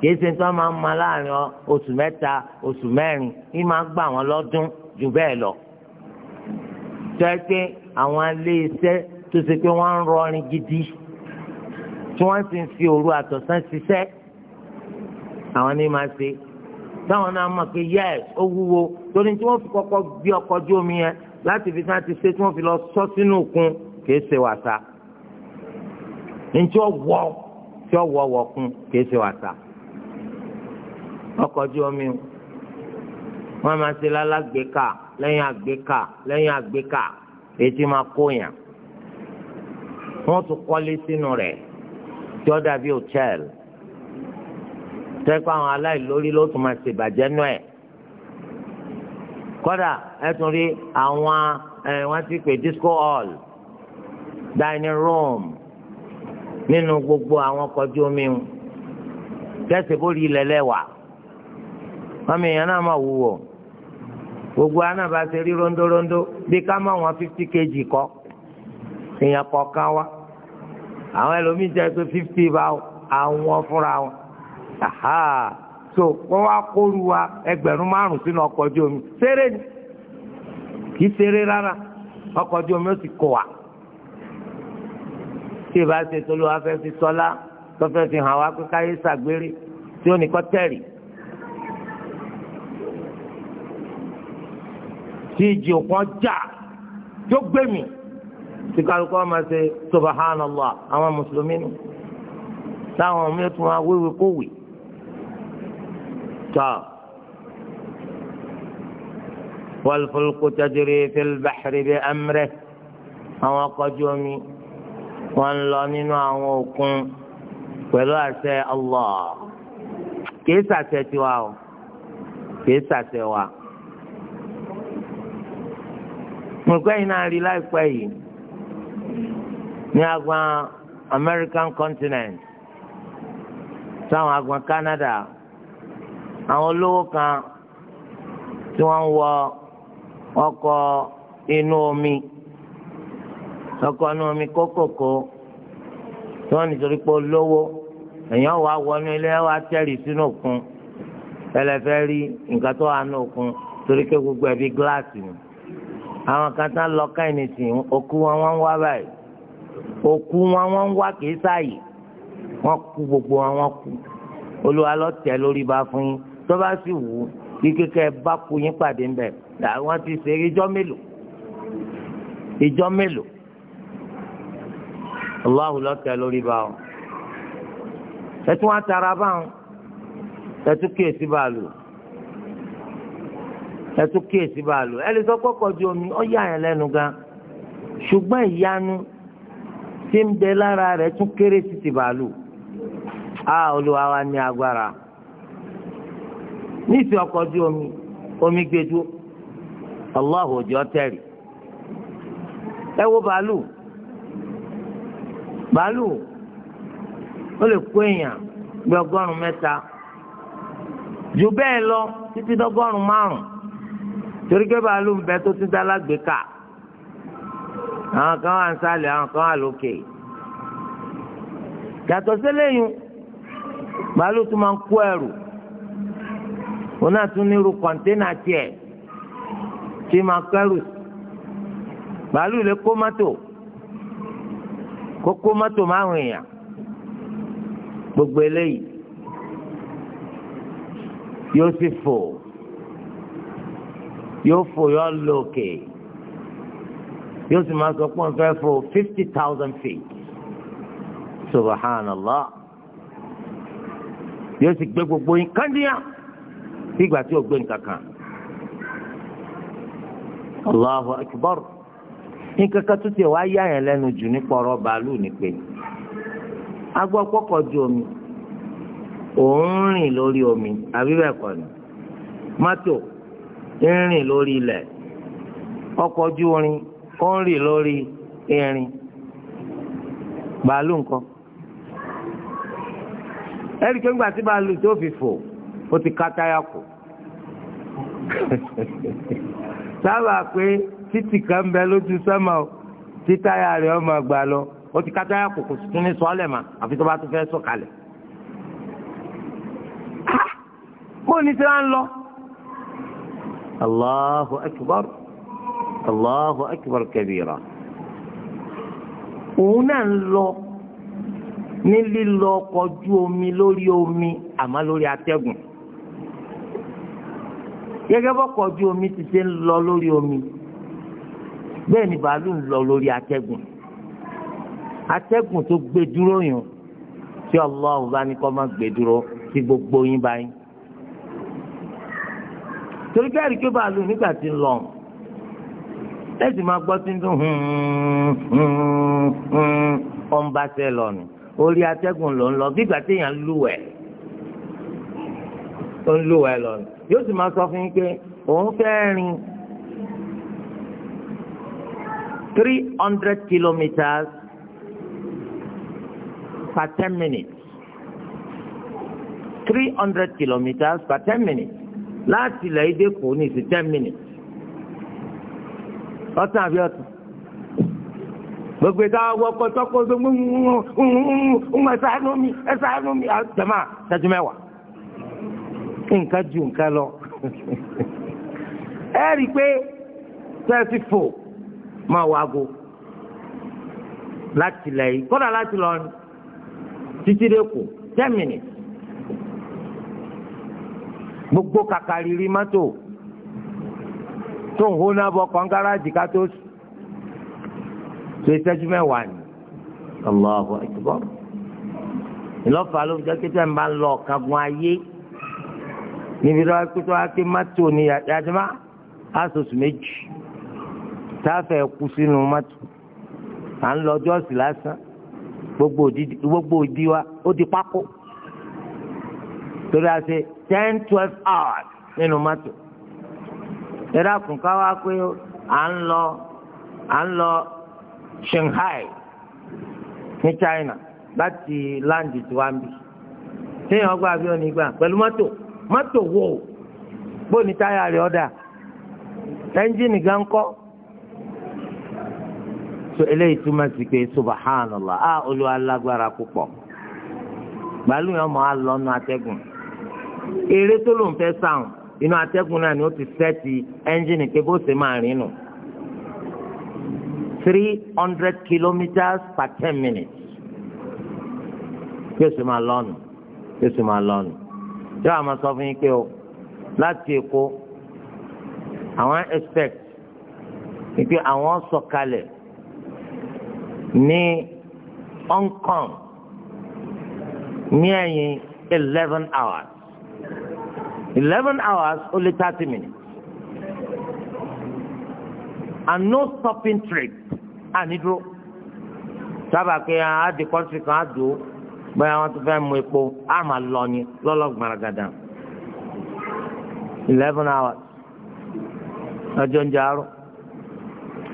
kìí ṣe tí wọ́n máa ń ma láàrin oṣù mẹ́ta oṣù mẹ́rin ní máa gbà wọ́n lọ́dún jù bẹ́ẹ̀ lọ. tó ẹ pé àwọn ilé iṣẹ́ tó ṣe pé wọ́n ń rọrin gidi tí wọ́n sì ń fi òru àtọ̀sán ṣiṣẹ́ àwọn ní máa ṣe táwọn náà mọ̀ pé yẹ́s ó wúwo torí tí wọ́n fi kọ́kọ́ gbé ọkọ̀ ojú omi yẹn láti fi sáà ti ṣe tí wọ́n fi lọ sọ sínú òkun kìí ṣe wàsà ntí ó wọ tí ó wọ wọkun kìí ṣe wàsà ọkọ̀ ojú omi wọ́n máa ṣe lálágbèéká lẹ́yìn àgbéká lẹ́yìn àgbéká ètí máa kó yàn wọ́n tún kọ́lé sínú rẹ̀ tí hòtẹ́ẹ̀lì tẹ́pẹ́ àwọn aláìlórí ló tún máa ṣèbàjẹ́ náà ẹ̀ kọ́dà ẹ tún rí àwọn ẹ wọ́n ti pè disco hall dining room nínú gbogbo àwọn kọjú omi ń tẹ́sí bórí ilẹ̀ lẹ́wà ọmọ èèyàn náà máa wúwo gbogbo àná bá ṣe rí rondórondó bí ká má wọn fifty kg kọ́ èèyàn kọ̀ọ̀kan wá àwọn ẹlòmíín jẹ́ pé fifty bá àwọn fúnra wọn aha so wọ́n wá kóru wa ẹgbẹ̀rún márùn sínú ọkọ̀ ojú omi ṣeré ni kì í ṣeré rárá ọkọ̀ ojú omi ó sì kó wa tí ìbá ṣe tolú wa fẹ́ fi sọlá tó fẹ́ fi hàn wá pé káyé ṣàgbére tí ó ní kọ́ tẹ̀rì. tí ìjì òkun jà tó gbé mi tí kálukú ọmọ ṣe subhanallah àwọn mùsùlùmí ni táwọn mi tún wá wíwí kó wì tọ́ wàlúfọlùkù tajiri fílbàḥrì bí amrẹ àwọn ọkọ̀jú omi wọ́n lọ nínú àwọn òkun pẹ̀lú àṣẹ Allah kìí ṣàṣẹ tiwa o kìí ṣàṣẹ wa. mo gbẹ́ yìí náà rí láìpẹ́ yìí ní agbọn American continent sáwọn agbọn Canada àwọn olówó kan tí wọ́n ń wọ ọkọ̀ inú omi ọkọ̀ inú omi kókòkò tí wọ́n nítorí pé olówó èèyàn wà wọnú ilé wa tẹ̀rì sínú òkun ẹlẹ́fẹ́ rí nǹkan tó wà nínú òkun torí pé gbogbo ẹ̀ bí gíláàsì ni àwọn kan tán lọ káyìí sí òkú wọn wọ́n ń wá báyìí òkú wọn wọ́n ń wá kìí sáàyè wọ́n kú gbogbo wọn wọ́n kú olúwa lọ tẹ̀ lórí bá fún yín tó bá sì wù ú kí kékeré bá kú yín pàdé ńbẹ làwọn ti ṣe ìjọ mélòó ìjọ mélòó Allahu lọ́kẹ́ lórí bá wọn ẹtún wọn tara báwọn ẹtún kíyèsí báàlù ẹtún kíyèsí báàlù ẹni tó kọ́kọ́ di omi ó yà yẹn lẹ́nu gan ṣùgbọ́n ìyanu tí ń bẹ lára rẹ̀ tún kéré sí ti báàlù a olùwàwa ní agbára nífi ọkọ̀ ojú omi omi gbé dúró ọlọ́hùn òjò tẹ̀rì ẹ wo bàálù bàálù ó lè kó èèyàn gbé ọgọ́rùn mẹ́ta jù bẹ́ẹ̀ lọ títí dọ́gọ́rùn márùn torí pé bàálù ń bẹ tó ti dá lágbèéká àwọn kan wà ń sálẹ̀ àwọn kan wà lókè yàtọ̀ sílẹ̀ yìí bàálù tún máa ń kó ẹrù òun náà tún nírú kọ̀ńténà tiẹ̀ tí máa kẹ́rù bàálù lè kó mọ́tò kó kó mọ́tò márùn èèyàn gbogbo eléyìí yóò sì fò yóò fò yóò lò òkè yóò sì máa sọ pé òun fẹ́ fò fifty thousand feet subhanallah yóò sì gbé gbogbo yín kánjíyàn. sí ìgbà tí ò gbé nǹkan kan allahu akbar nǹkan kan tó tiẹ̀ wá yá yẹn lẹ́nu jù ní ọ̀rọ̀ bàálù ni pé agbọ́ pọ́kọ̀ ju omi òun rìn lórí omi àbí bẹ́ẹ̀ kọ́ ni mọ́tò ń rìn lórí ilẹ̀ ọkọ̀ ojú orin ó ń rìn lórí irin bàálù ńkọ́ ẹ̀ríkẹ́ ńgbà tí bàálù tó fi fò. ó ti ká táyà kù sábà pé títì kan ń bẹ lójú sẹ́mà o ó ti ká táyà kù kò tún ní mà àfi tó bá tún fẹ́ sọ̀kalẹ̀ kó ní tí wọ́n lọ. Allahu akbar Allahu akbar kabira òun náà ń lọ omi lórí omi àmọ́ lórí atẹ́gùn. gẹ́gẹ́ bọ́kọ̀ ojú omi ti ṣe ń lọ lórí omi bẹ́ẹ̀ ni bàálù ń lọ lórí atẹ́gùn atẹ́gùn tó gbé dúró yàn tí ọlọ́run bá ní kó má gbé dúró tí gbogbo yín bá yín. torí kẹ́rì kí bàálù nígbà tí ń lọ ẹ sì máa gbọ́ tí ń dún ọ̀nbàṣẹ lọ́nù orí atẹ́gùn ló ń lọ bí ìgbà téèyàn lúwẹ̀ẹ́ tó ń lò wá lọ yóò sì máa sọ fún yín pé òun fẹ́ rìn three hundred kilometres per ten minutes three hundred kilometres per ten minutes láti ilẹ̀ èdè kò ní sí ten minutes ọ̀tún àbí ọ̀tún gbogbo ìta wọkọ̀ tọkọ̀ tó ń gbọ́n ń ń ń ń ń ẹ̀sán ẹ̀sán mi ẹ̀sán mi àtẹ̀má ṣẹ́jú mẹ́wàá nǹkan ju nǹkan lọ ẹ rí i pé twenty four máa wàgò láti lẹ̀ yìí kódà láti lọ títí dé kù ten minutes gbogbo kàkàrírí mọ́tò tó ń hóná bọ kọ́ńgárájì ká tó so ìṣẹ́jú mẹ́wàá ni Allahu Akbar ìlọ́fà ló ń jẹ́ kí tẹ́ ń bá lọ ọ̀kangun ayé. níbi tó wá wá pé mọ́tò ni yàtìmá asòsù méjì táfẹ́ kú sínú mọ́tò à ń lọ gbogbo òdi wa ó di pákó torí a ṣe ten twelve hours nínú mọ́tò ẹ̀rọ kùn wá pé à ń Shanghai ní China láti láǹdì tí wàá ń bì téèyàn gbà bí mọ́tò wo bóni táyà rẹ̀ ọ̀dà ẹ́ńjìnì gan kọ́ so eléyìí túmọ̀ sí pé subahánàlá a olúwa lágbára púpọ̀ gbàlú yẹn mọ̀ á lọ́nu atẹ́gùn eré tó ló ń fẹ́ sáwọn inú atẹ́gùn náà ni ó ti sẹ́ẹ̀tì ẹ́ńjìnì pé bó ṣe máa rìn nù three hundred kilometres per ten minutes ma ṣe máa lọ́nu yóò ṣe máa lọ́nu. yóò àmọ́ sọ fún yín pé o láti èkó àwọn expect pé àwọn sọ̀kalẹ̀ ní Hong Kong ní ẹ̀yìn eleven hours eleven hours only thirty minutes and no stopping trip ànídúró sábà pé àádìí kọ́ńtì kan á dùn ó báyà wọn tún fẹ́ mú epo á máa lọ ni lọ́lọ́gbọ̀nràgàdà eleven hours ọjọ́ ń jẹ àárọ̀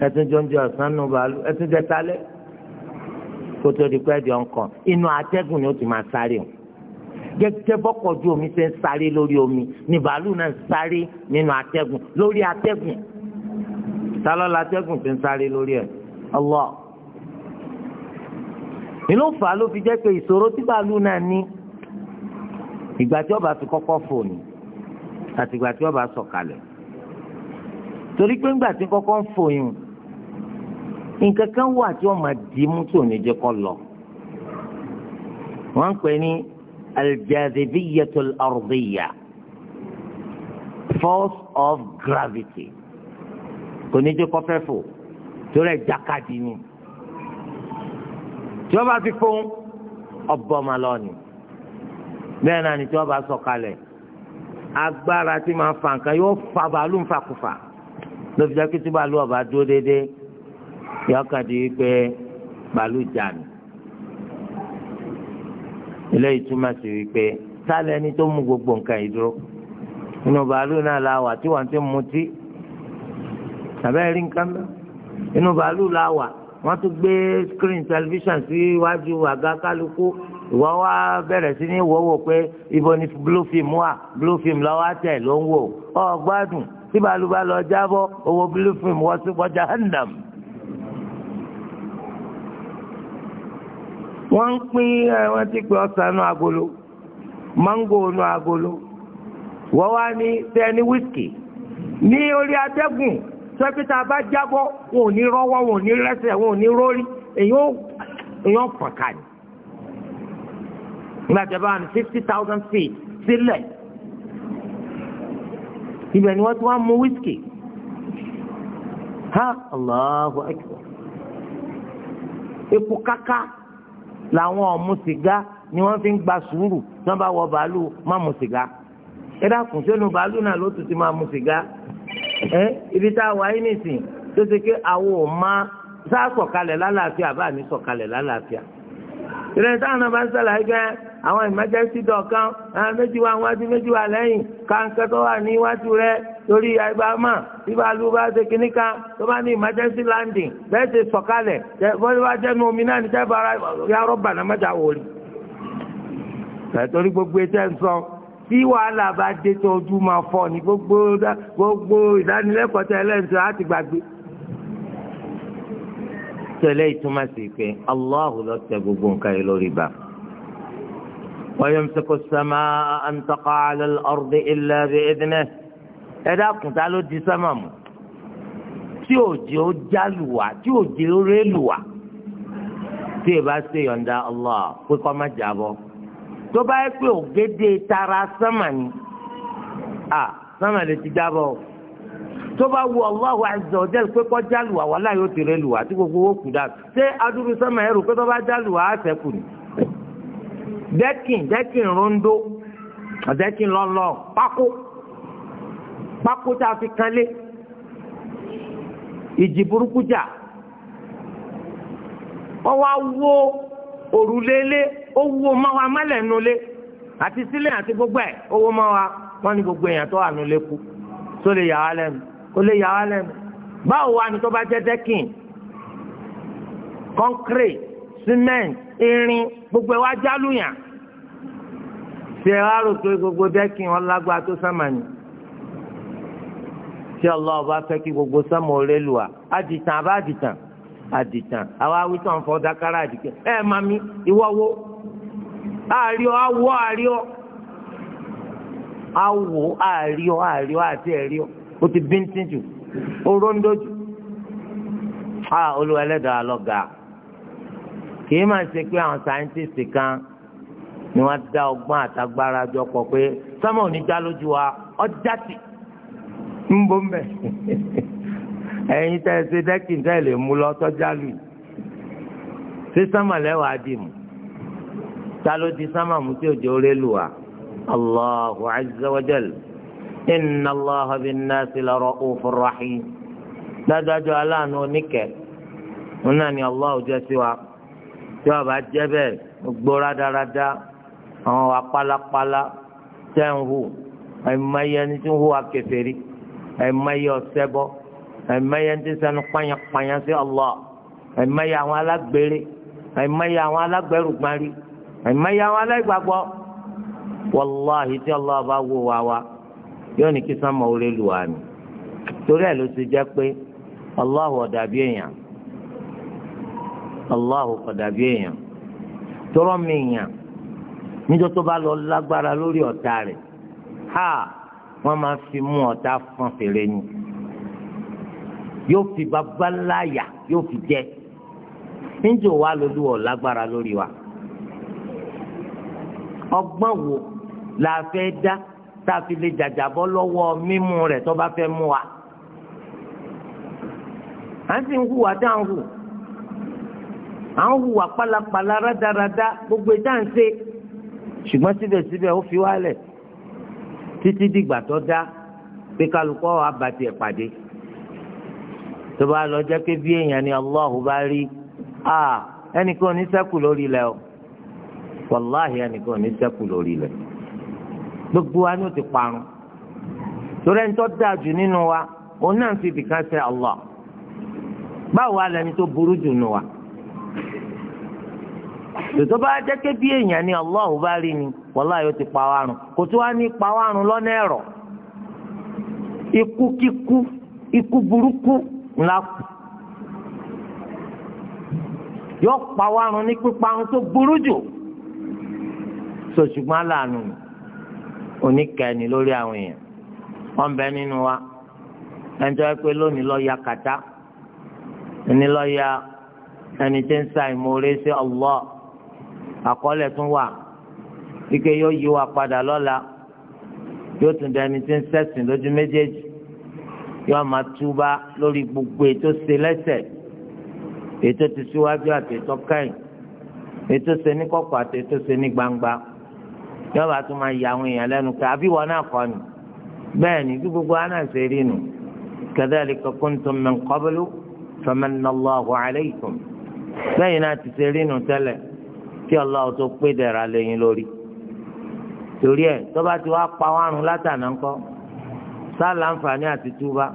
ẹtún jọ ń jẹ ọ̀sán nù bàálù ẹtún jẹ talẹ́ kó tó di pẹ́ẹ́dì ọ̀nkọ̀ inú atẹ́gùn ni ó ti máa sáré o gẹ́gẹ́ bọ́kọ̀ ju omi ṣe ń sáré lórí omi ni bàálù náà ń sáré nínú atẹ́gùn lórí atẹ́gùn ta la atẹ́gùn ti ń sáré lórí ẹ̀ Allah inú fà á ló fi jẹ́ pé ìṣòro tí bàálù náà ní ìgbà tí ọba ti kọ́kọ́ fò ní àti ìgbà tí ọba sọ̀kalẹ̀ torí pé ńgbà tí kọ́kọ́ ń fò nǹkan kan wà tí wọ́n máa dì í mú tí ò jẹ́ kó lọ wọ́n ń pè ní aljazibiyatul ardiya force of gravity kò ní jẹ́ kó fẹ́ fò torí ẹ̀ jákàdì ni tí wọ́n bá ti fún ọ̀bọ̀mà lọ ni bẹ́ẹ̀ náà ni tí wọ́n bá sọ̀kalẹ̀ agbára tí máa fa nǹkan yóò fa bàálù ńfàkùfà lóbi jẹ́ kí tí bàálù ọba dúró déédéé yọ kàn di pé bàálù jà ní. eléyìí túmọ̀ sí wípé sálẹ̀ ẹni tó mú gbogbo nǹkan yìí dúró inú bàálù náà la wà tí wọ́n ti mutí àbẹ́rẹ́ rí nǹkan mọ́ inú bàálù la wà wọ́n tún gbé screen television sí iwájú àga kálukú ìwọ wá bẹ̀rẹ̀ sí ní wọ́wọ́ pé ibo ni blue film wà blue film lọ́wọ́ tẹ̀ ló ń wò ọ gbádùn tí balùbá lọ jábọ́ owó blue film wọ́n sí wọ́n jahannam. wọ́n ń pín ẹ̀wọ̀n tí pé ọ̀sán nù agolo mango nù agolo wọ́n wá ní tẹ́ ní wíṣkì ní orí atẹ́gùn sẹ́pítà bá jábọ́ wọn ò ní rọ́wọ́ wọn ò ní rẹ́sẹ̀ wọn ò ní rórí èèyàn fọ̀kà ni. nígbà tí a bá wà ní fifty thousand feet sílẹ̀ ibẹ̀ ni wọ́n ti wá mú wíṣkì ha Allahu akbar epo kaka làwọn ọ̀mú sìgá ni wọ́n fi ń gba sùúrù tí wọ́n bá wọ bàálù má mu sìgá ẹ dákun sínú bàálù náà ló tún ti máa mu sìgá ẹ ibi tá a wà yín nìsín tó ṣe pé àwọn ò máa sá sọ̀kalẹ̀ lálàáfíà bá mi sọ̀kalẹ̀ lálàáfíà ìrẹsì àwọn náà bá ń sọ̀rọ̀ ẹgbẹ́ àwọn emergency dọ̀kan àwọn méjì wá wájú méjì wá lẹ́yìn káńkẹ́ tó wà níwájú rẹ torí àìbámà ìbálú bá ṣe kínní kan tó bá ní emergency landing bẹ́ẹ̀ ṣe sọ̀kalẹ̀ bọ́lá bá jẹ́nu omi náà ní tẹ́bàrà yàrá bànà mẹ́ta wò rí. torí gbogbo etí ẹ̀ ń sọ bí wàhálà bá dé tó ojú máa fọ ní gbogbo gbogbo ìdánilẹ́kọ̀ọ́ tẹ ẹlẹ́sìn á ti gbàgbé. tẹ̀lé ìtumọ̀ sí pé aláhùn ló tẹ gbogbo nǹkan yìí lórí bá. ويمسك السماء أن تقع على الأرض إلا بإذنه ẹ̀dá kùtà ló di sánmà mú tí òjò ó já lùwà tí òjò ó ré lùwà tí ì bá ṣe yọ̀ǹda Allah pé kó má jà bọ́ tó bá yẹ pé ògèdè tara sánmà ni à sánmà lè ti jábọ̀ tó bá wu Allahu azza wa jal pé kọ́ jálùwà wà láyé ó ti rẹ lùwà tí gbogbo owó kù dáa ṣé adúrú sánmà yẹn rò pé tó bá jálùwà á sẹ́kù ni. dẹ́kìn dẹ́kìn rondo dẹ́kìn lọ́lọ́ pákó pákó tá a fi kanlé ìjì burúkú jà wọ́n wá òrùlélé owó máa wa mọ́lẹ̀ nulẹ̀ àti sílẹ̀ gbogbo e, owó máa wa ni gbogbo èèyàn tó wà nulẹ̀ kú tó lè yà wá ó lè yà wá báwo wà ní irin gbogbo ẹ̀ wá jálùyàn ṣe wá rò pé gbogbo dẹ́kìn ọlágbá tó sàmàní tí ọlọ́ọ̀bá gbogbo sọ́mọ orí lù wá á àdìtàn àwa awítọ̀ ń fọ́ dákàrà àdìgbẹ́ ẹ mami ìwọ wo àríọ awọ àríọ awọ àríọ àríọ àti ẹ̀ríọ o ti bíntín jù o rondo jù a olúwa ẹlẹ́dàá lọ́gàá kìí máa ṣe pé àwọn sáyẹ́ntìsì kan ni wọ́n dá ọgbọ́n àtagbára jọ pọ̀ pé sọ́mọ̀ ò ní já lójú wa ọjà tì ń bọ́ mbẹ́. ẹ̀yin tẹ́ ẹ ṣe dẹ́kìn tẹ́ ẹ lè mú lọ tọ́jálù yìí ṣé sámà lẹ́wàá dì mú ta ló di sámà mú tí òjò rẹ̀ lù wá allahu azza wa jal inna allah bin nasi la ra'ufur rahim dájọ́jọ́ aláàánú oníkẹ́ òun náà ni allah ò jẹ́ sí wa tí wàá bá jẹ́ bẹ́ẹ̀ gbó rádaràda àwọn wa pálapàla tẹ́ ń hù ẹ̀ẹ́máyé ẹni tí ń hù wa kèfèrí ẹ̀ẹ́máyé ọ̀sẹ́bọ́ ẹ̀mẹ́yẹ ń tẹ́sánú pányápányá sí Allah ẹ̀mẹ́yẹ àwọn alágbèrè ẹ̀mẹ́yẹ àwọn alágbẹ̀rùgbárí ẹ̀mẹ́yẹ àwọn aláìgbàgbọ́ wàláhì tí Allah bá wò wá wa yóò ní kí sánmà ó lè lù wá ni torí ẹ̀ ló ti jẹ́ pé Allah ò dàbí èèyàn Allah ò dàbí èèyàn tọrọ mi èèyàn níjọ́ tó bá lọ lágbára lórí ọ̀tá rẹ̀ ha wọ́n máa fi mú ọ̀tá fún fèrè ni yóò fi babaláyà yóò fi jẹ níjẹ́ wa lolúwọ lágbára lórí wa ọgbọ́n wo la fẹ́ dá tá a fi lè jàjàbọ́ lọ́wọ́ mímú rẹ̀ tó bá fẹ́ mú wa à ń sì ń hùwà dá ń hù à ń hùwà pálapàla rádaràda gbogbo ìdá ń ṣe ṣùgbọ́n síbẹ̀síbẹ̀ ó fi wálẹ̀ títí dìgbà tó dá pé kálukọ́ àbàtì ẹ̀ pàdé. tó bá lọ jẹ́ pé bí èèyàn ni Allahu bá rí a ẹnìkan ní sẹ́kù lórí o wàláhì ẹnìkan ní sẹ́kù lórí gbogbo wa ni ó ti parun torí ẹni tó dáa jù nínú wa òun náà fi bìkan ṣe Allah báwo wá lẹni tó burú jù nù wa tòtò bá jẹ́ pé bí ni Allah bá rí ni wàláhì ó ti pa wá kò tó wá ní pa wá ńlá kù yóò pa wá run ní píparun tó burú jù sòṣùgbọ́n aláàánú oníkẹ́ni lórí àwọn èèyàn wọ́n bẹ nínú wa ẹnjọ́ pé lónìí lọ́ọ́ ya kàtá ẹni lọ́ọ́ ya ẹni tí ń sa ìmoore sí Allah àkọọ́lẹ̀ tún wà wípé yóò yí wa padà lọ́la yóò tún dẹni tí ń sẹ̀sìn lójú méjèèjì yóò máa túbá lórí gbogbo ètò ṣe lẹ́sẹ̀ ètò ti síwájú àti ètò kẹ́yìn ètò ṣe ní kọ̀kọ̀ àti ètò ṣe ní gbangba yóò bá tún máa yà àwọn èèyàn lẹ́nu pé àbí wọn náà kọ́ ni bẹ́ẹ̀ ni bí gbogbo àná ṣe rí nu kadhalika kuntum min qablu famanna Allahu alaykum lẹ́yìn náà ti ṣe rí nu tẹ́lẹ̀ kí Ọlọ́run tó pé dẹ̀ra lẹ́yìn lórí torí ẹ̀ tó bá ti wá pa wárun látànà ńkọ́ sáà láǹfààní àti túbá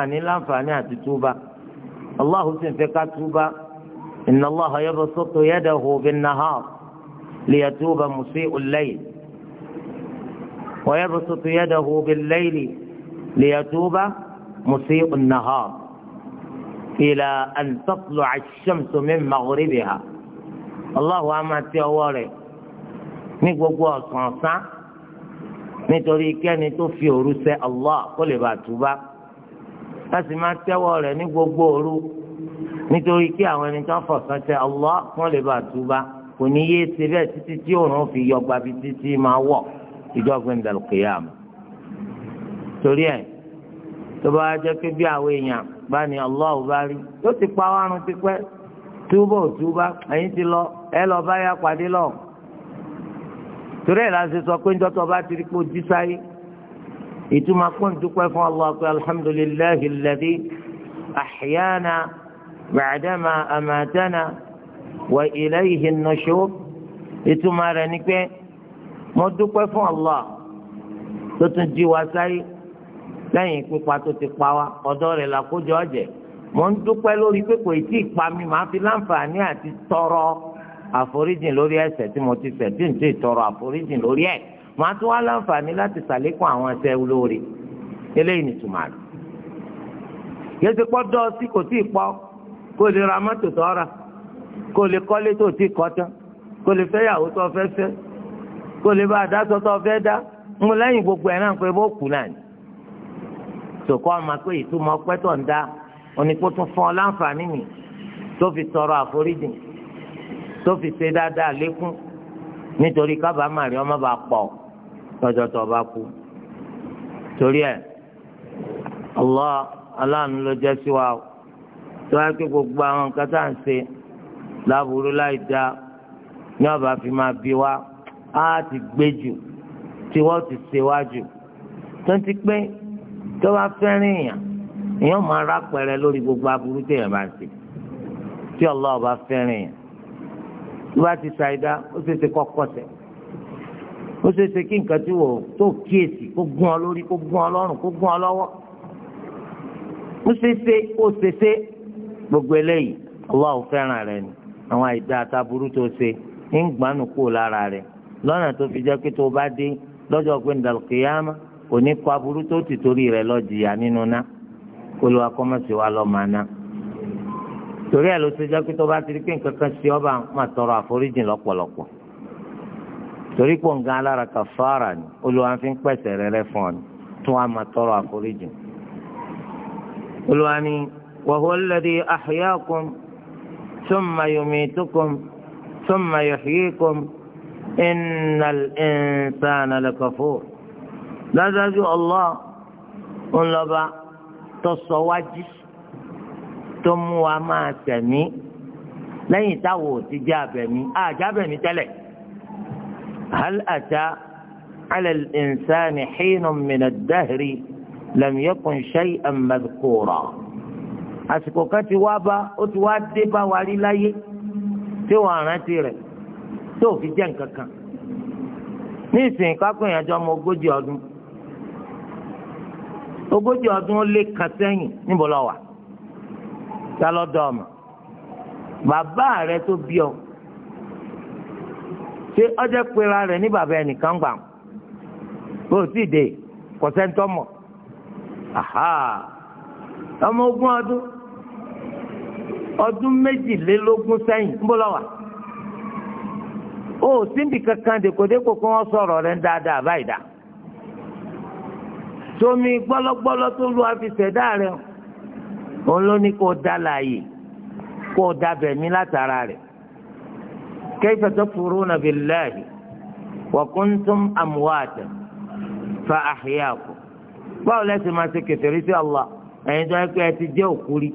àní láǹfààní àti túbá Allahu sì ń fẹ́ ká túbá inna Allaha yabsutu yadahu bin-nahar liyatuba musi'u al-layl wa yabsutu yadahu bil-layli liyatuba musi'u an-nahar ila an tatlu'a ash-shamsu min maghribiha Allahu á máa ọwọ́ rẹ̀ ní gbogbo ọ̀sán ọ̀sán nítorí kẹ́ni tó fi òru ṣẹ Allah kó lè bá túbá láti máa tẹ́wọ́ rẹ̀ ní gbogbo òru nítorí kí àwọn ẹni tó fọ̀sán ṣẹ Allah kó lè bá túbá kò ní yé ṣe bẹ́ẹ̀ títí tí òòrùn fi yọ gbabi títí máa wọ̀ ìjọgbìn dàlùkìyàm torí ẹ̀ tó bá jẹ́ pé bí àwọn èèyàn bá ní Allah ò bá rí tó ti pa wárun tipẹ́ túbọ̀ túbá ẹ̀yin ti lọ ẹ lọ bá yá pàdé lọ́wọ́ torí ẹ̀ la ṣe sọ pé njọ́tọ̀ bá ti rí pé ojú sáyé ìtumọ̀ kó ń dúpẹ́ fún Allah pé alhamdulillahi alladhi ahyana ba'dama amatana wa ilayhi an-nushur ìtumọ̀ rẹ̀ ni pé mo dúpẹ́ fún Allah tó tún jí wa sáyé lẹ́yìn pípa tó ti pa wá ọ̀dọ̀ rẹ̀ la kó jọ ọ̀jẹ̀ mo ń dúpẹ́ lórí pé kò tí ì pa mi màá fi láǹfààní àti tọrọ àforíjìn lórí ẹ̀ṣẹ̀ tí mo ti ṣẹ̀ tí n ti tọrọ àforíjìn lórí ẹ̀ màá tún wá láǹfààní láti ṣàlékún àwọn ẹ̀ṣẹ̀ olóore eléyìí ni tùmọ̀ rẹ̀ yẹsẹ pọdọ sí kò tí ì pọ kó lè ra mọ́tò tọra kó lè kọ́lé tó ti kọ́ tán kó lè fẹ́yàwó tó fẹ́ fẹ́ kó lè bá adáṣọ tó fẹ́ dá mo lẹ́yìn gbogbo ẹ̀ náà pé bó kù náà ni sòkò ọmọ pé ìtumọ̀ pẹ́tọ̀ ń dá onípótún fún ọ láǹfààní mi tó fi tọrọ àforíjì tó fi ṣe dáadáa lékún nítorí kábàámà rí ọmọ bá pọ̀ lọ́jọ́ tó bá kú torí ẹ̀ Allah aláàánú ló jẹ́ sí wa tó wáá kí gbogbo àwọn nǹkan tá à ń ṣe láburú láì dá ní ọba fi máa bí wa á ti gbé jù tí wọ́n ti ṣe wá jù tó ti pé tó bá fẹ́ràn èèyàn èèyàn máa rápẹrẹ lórí gbogbo aburú téèyàn bá ṣe tí Allah bá fẹ́ràn èèyàn. tó bá ti sa ìdá ó ṣe ṣe kọ́kọ́ ó ṣe ṣe kí nǹkan tí wò tó kíyèsí kó gún ọ lórí kó gún ọ lọ́rùn kó gún ọ ó ṣe ṣe ó ṣe ṣe gbogbo eléyìí fẹ́ràn rẹ ni àwọn àìdá àtàbúrú tó ṣe ń gbanú kó lára rẹ lọ́nà tó fi jẹ́ pé tó bá dé lọ́jọ́ pé ndàlùkìyàmá kò ní ti torí rẹ jìyà nínú ná torí ẹ̀ ló ṣe jẹ́ pé tó bá ti rí pé nǹkan kan ṣe ọba máa tọrọ àforíjìn lọ́pọ̀lọpọ̀ torí pò ń gan alára kàfàrà ni olùwà fi ń pẹ̀sẹ̀ rẹ̀ rẹ́ fún ọ ni tún wàá máa tọrọ àforíjìn. olùwà ni wa huwa alladhi ahyaakum thumma yumeetukum thumma yuhyikum innal insana lakafur. dájúdájú Allah ńlọba tó sọ tó mú wa máa tẹ̀mí lẹ́yìn táwọn ò ti jẹ́ abẹ̀mí àjábẹ̀mí tẹ́lẹ̀. hal ata ala al-insani hinun min ad-dahri lam yakun shay'an madhkura. àsìkò kan ti wá bá ó ti wá dé bá wa rí láyé tí wọn àrántí rẹ̀ tó fi jẹ́ nǹkan kan. ní ìsìn kápẹ́yàjọ́ ọmọ ogójì ọdún ogójì ọdún ó lé kan sẹ́yìn níbo lọ wà. sálọ́dọ̀ ọmọ bàbá rẹ tó bí ọ ṣé ọjọ́ pera rẹ ní bàbá ẹnìkan gbà ó sì dé kọ̀sẹ́ńtọ́mọ̀ ọmọ ogún ọdún ọdún méjìlélógún sẹ́yìn ń bọ́ lọ́wọ́ o síbi kankan dèkòdèkò kó wọ́n sọ̀rọ̀ rẹ̀ dáadáa báyìí dá tómi o. òun ló ní kó o dá láàyè kó o dá bẹ̀mí látara rẹ̀ billahi wa kuntum fa ahyaakum báwo lẹ́sìn máa ṣe kèfèrí sí Allah ẹ̀yin tó yẹ pé ẹ ti jẹ́ òkú rí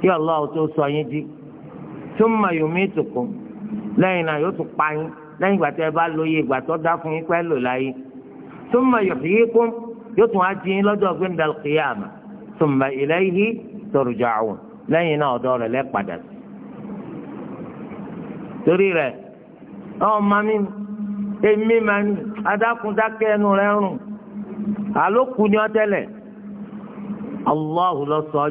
kí Allah tó sọ yín jí thumma yumitukum lẹ́yìn náà yóò tún pa yín lẹ́yìn ìgbà tẹ́ ẹ bá lóye ìgbà tó dá fún yín pẹ́ lò láyé yóò tún á yín lọ́jọ́ thumma ilayhi turja'un lẹ́yìn náà ọ̀dọ̀ rẹ̀ lẹ́ padà sí. torí rẹ̀ ọmọ mi èmi máa ní adákúndákẹ́ ẹnu rẹ̀ rùn àlókù ni ọ tẹ́lẹ̀ Allahu ló sọ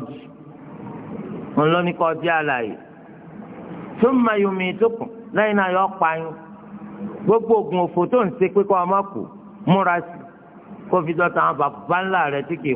gbogbo oògùn òfò tó ń ṣe pé kọ́ ọmọ kù múra sí kó fi dọ́ta àwọn bàbá ńlá tí kì í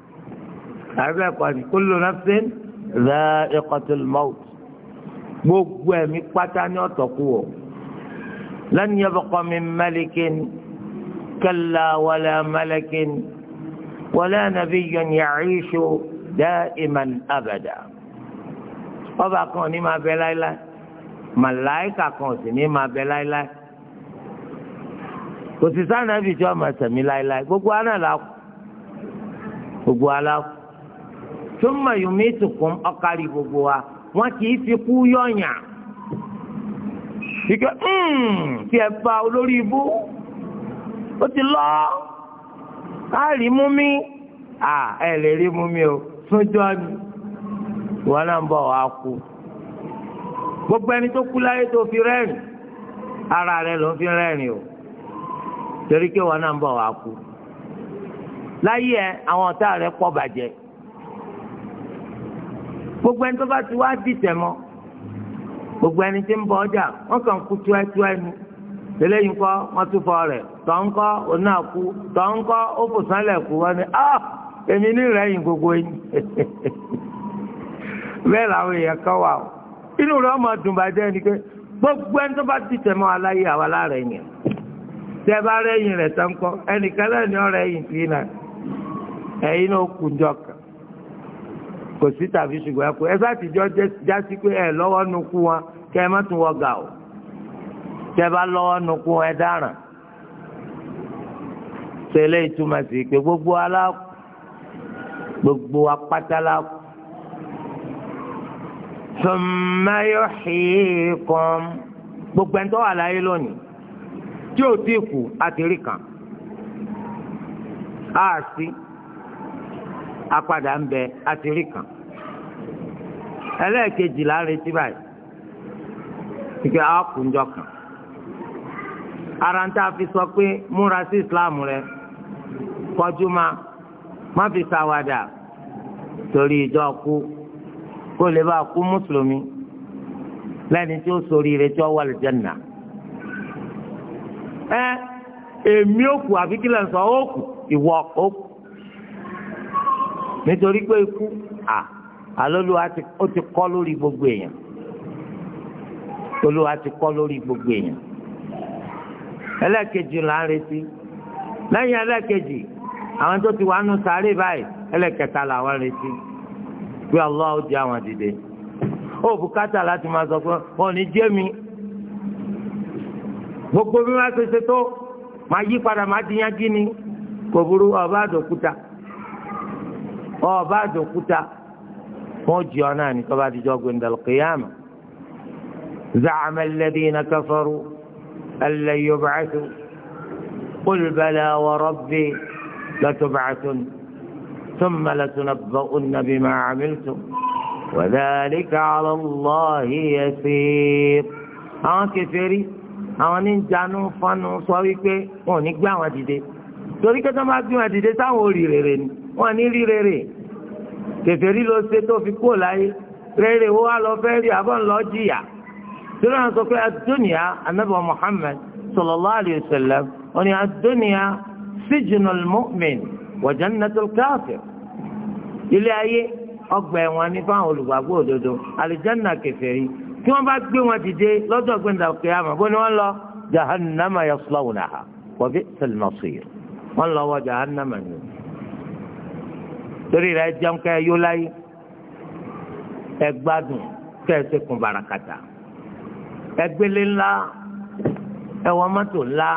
àbẹ kọni kullu nafsin dha'iqatul maut gbogbo ẹ̀mí pátá ní ọtọ kú ọ lan yabqa min malikin kalla wala malakin wala nabiyyun ya'ishu da'iman abada ọba kan ní máa bẹ láéláé màláìkà kan sì ní máa bẹ láéláé kò sì sáà nàbì tí wọn máa sẹmí gbogbo aná làákù gbogbo aláàkù. thumma yumitukum ọ̀kárí gbogbo wa wọn kì í fi kú yọ̀yàn ìgbẹ́ tí ẹ bá olórí ibú ó ti lọ káàrí mú mi ẹ lè rí o sójọ́ ni ìwọ náà ń gbogbo ẹni tó kú láyé tó fi ara rẹ ló ń fi o torí ìwọ náà ń kú láyé ẹ gbogbo ẹni tó bá ti wá dìtẹ̀ mọ́ gbogbo ẹni tí ń bọ ọjà wọ́n kàn kú tíwátíwá ẹnu eléyìí ńkọ́ wọ́n tún fọ rẹ̀ tọ́ ah èmi ní gbogbo yìí bẹ́ẹ̀ làwọn èèyàn kan wà ó inú ọmọ dùn bàjẹ́ ni pé gbogbo ẹni tó bá ti aláyé àwa lára ẹ̀yìn bá tán ẹnìkan kò sí tàbí ṣùgbọ́n ẹ kú ẹ sáà já jásí pé ẹ lọ́wọ́ nu kú wọn kẹ́ ẹ má tún wọ gà o tẹ́ bá lọ́wọ́ nu kú wọn ẹ dáràn tẹ́lẹ̀ ìtumọ̀ sí pé gbogbo alá gbogbo apátálá sọmọ yóò ṣe é kàn gbogbo ẹni tó wà láyé lónìí tí ò tí kù àti rí kan á sí. apadà ń bẹ àtìrí kan ẹlẹ́ẹ̀kejì la ń retí báyìí kíkẹ́ àákùnjọ kan ara ń tá a fi sọ pé múra sí islam rẹ kọjú ma má fi ṣàwàdà torí ìjọ kú kó lè bá kú mùsùlùmí lẹ́ni tí ó sori rẹ tí ó wà lùjẹ́nà ẹ èmi òkú àbíkílẹ̀ ń sọ òkú ìwọ òkú. nítorí pé ikú à àlọ́lùwà ó ti kọ́ lórí gbogbo èèyàn olùwà ti kọ́ lórí gbogbo èèyàn ẹlẹ́ẹ̀kejì là ń retí lẹ́yìn ẹlẹ́ẹ̀kejì àwọn tó ti wà nù sáré báyìí ẹlẹ́ẹ̀kẹta làwọn retí pé Allah di àwọn dìde ó bùkátà láti máa sọ pé jẹ́ mi gbogbo bí wọ́n ṣe ṣe tó máa yí padà máa di yán gíní kò burú ọba àdókúta. wọn ọba àjòkúta wọn jí ọ náà ní tọ́ba àtijọ́ gbẹndàlù kìyàmù zàcàmà lẹ́dínà káfọ́rù ẹlẹ́yọ̀ bàcàtù kólbàlà wọ́rọ́bì lọ́tọ̀bàcàtùn ثم لتنبؤن بما عملتم وذلك على الله يسير àwọn kèfèrí àwọn níjànú fanu sọ wípé wọn ò ní gbé àwọn dìde torí kẹta máa gbé wọn dìde táwọn ò rí rere ni wọn ní rí rere kèfèrí ló ṣe tó fi kúrò láyé rere wo wá lọ fẹ́ rí abọ́ ńlọ jìyà torí wọn sọ pé adúniya anabi muhammed sallallahu alayhi wa sallam wọn ni adúniya sijinul mu'min wa jannatul kafir ilé ayé ọgbà ẹ̀wọ̀n ní fáwọn olùgbàgbọ́ òdodo alìjánná kèfèrí tí wọ́n bá gbé wọn dìde lọ́jọ́ gbẹ̀ndà kìámà bó ni wọ́n lọ jahannama yaslawnaha wa bi'sal masir wọ́n lọ wọ jahannama nìyẹn torí rẹ̀ jẹun kẹ́ ẹ yó láyé ẹ gbádùn kẹ́ ẹ ṣekùn bàràkàtà ẹgbẹ́lé ńlá ẹwọ mọ́tò ńlá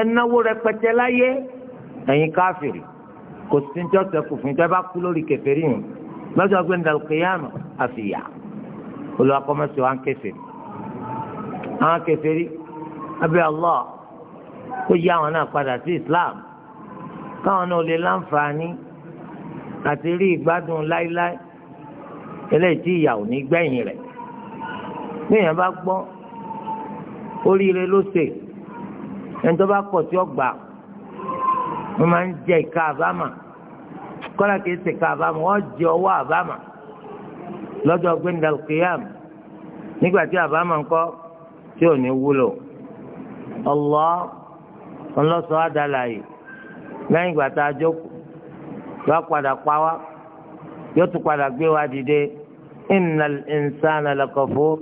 ẹnáwó rẹpẹtẹ láyé ẹ̀yin káfìrì kò sí ní ọ̀sẹ̀ kò fún ìjọba kú lórí kẹfẹ́rì yìí lọ́jọ́ gbẹ̀ndà kéyàmù àfìyà olùwàkọ́mọ́sọ wa ń kẹfẹ́rì àwọn kẹfẹ́rì abẹ́ Allah kó yí àwọn náà padà sí Islam káwọn náà lè láǹfààní àti rí ìgbádùn láíláí eléyìí tí ìyà ò ní gbẹ̀yìn rẹ̀ níyẹn bá gbọ́ oríire ló ṣe ẹni tó bá kọ̀ tí ó gbà wọ́n máa ń jẹ ìka àbámà kọ́lá kìí ṣe ìka àbámà wọ́n jẹ ọwọ́ àbámà lọ́jọ́ gbẹ̀ndàlùkìyàm nígbà tí àbámà ń kọ́ tí ò ní wúlò Allah ńlọ́sọ̀ọ́ àdàlàyé lẹ́yìn ìgbà tá a jókòó. yóò padà pa wá yóò tún padà gbé wá dìde insana lakafur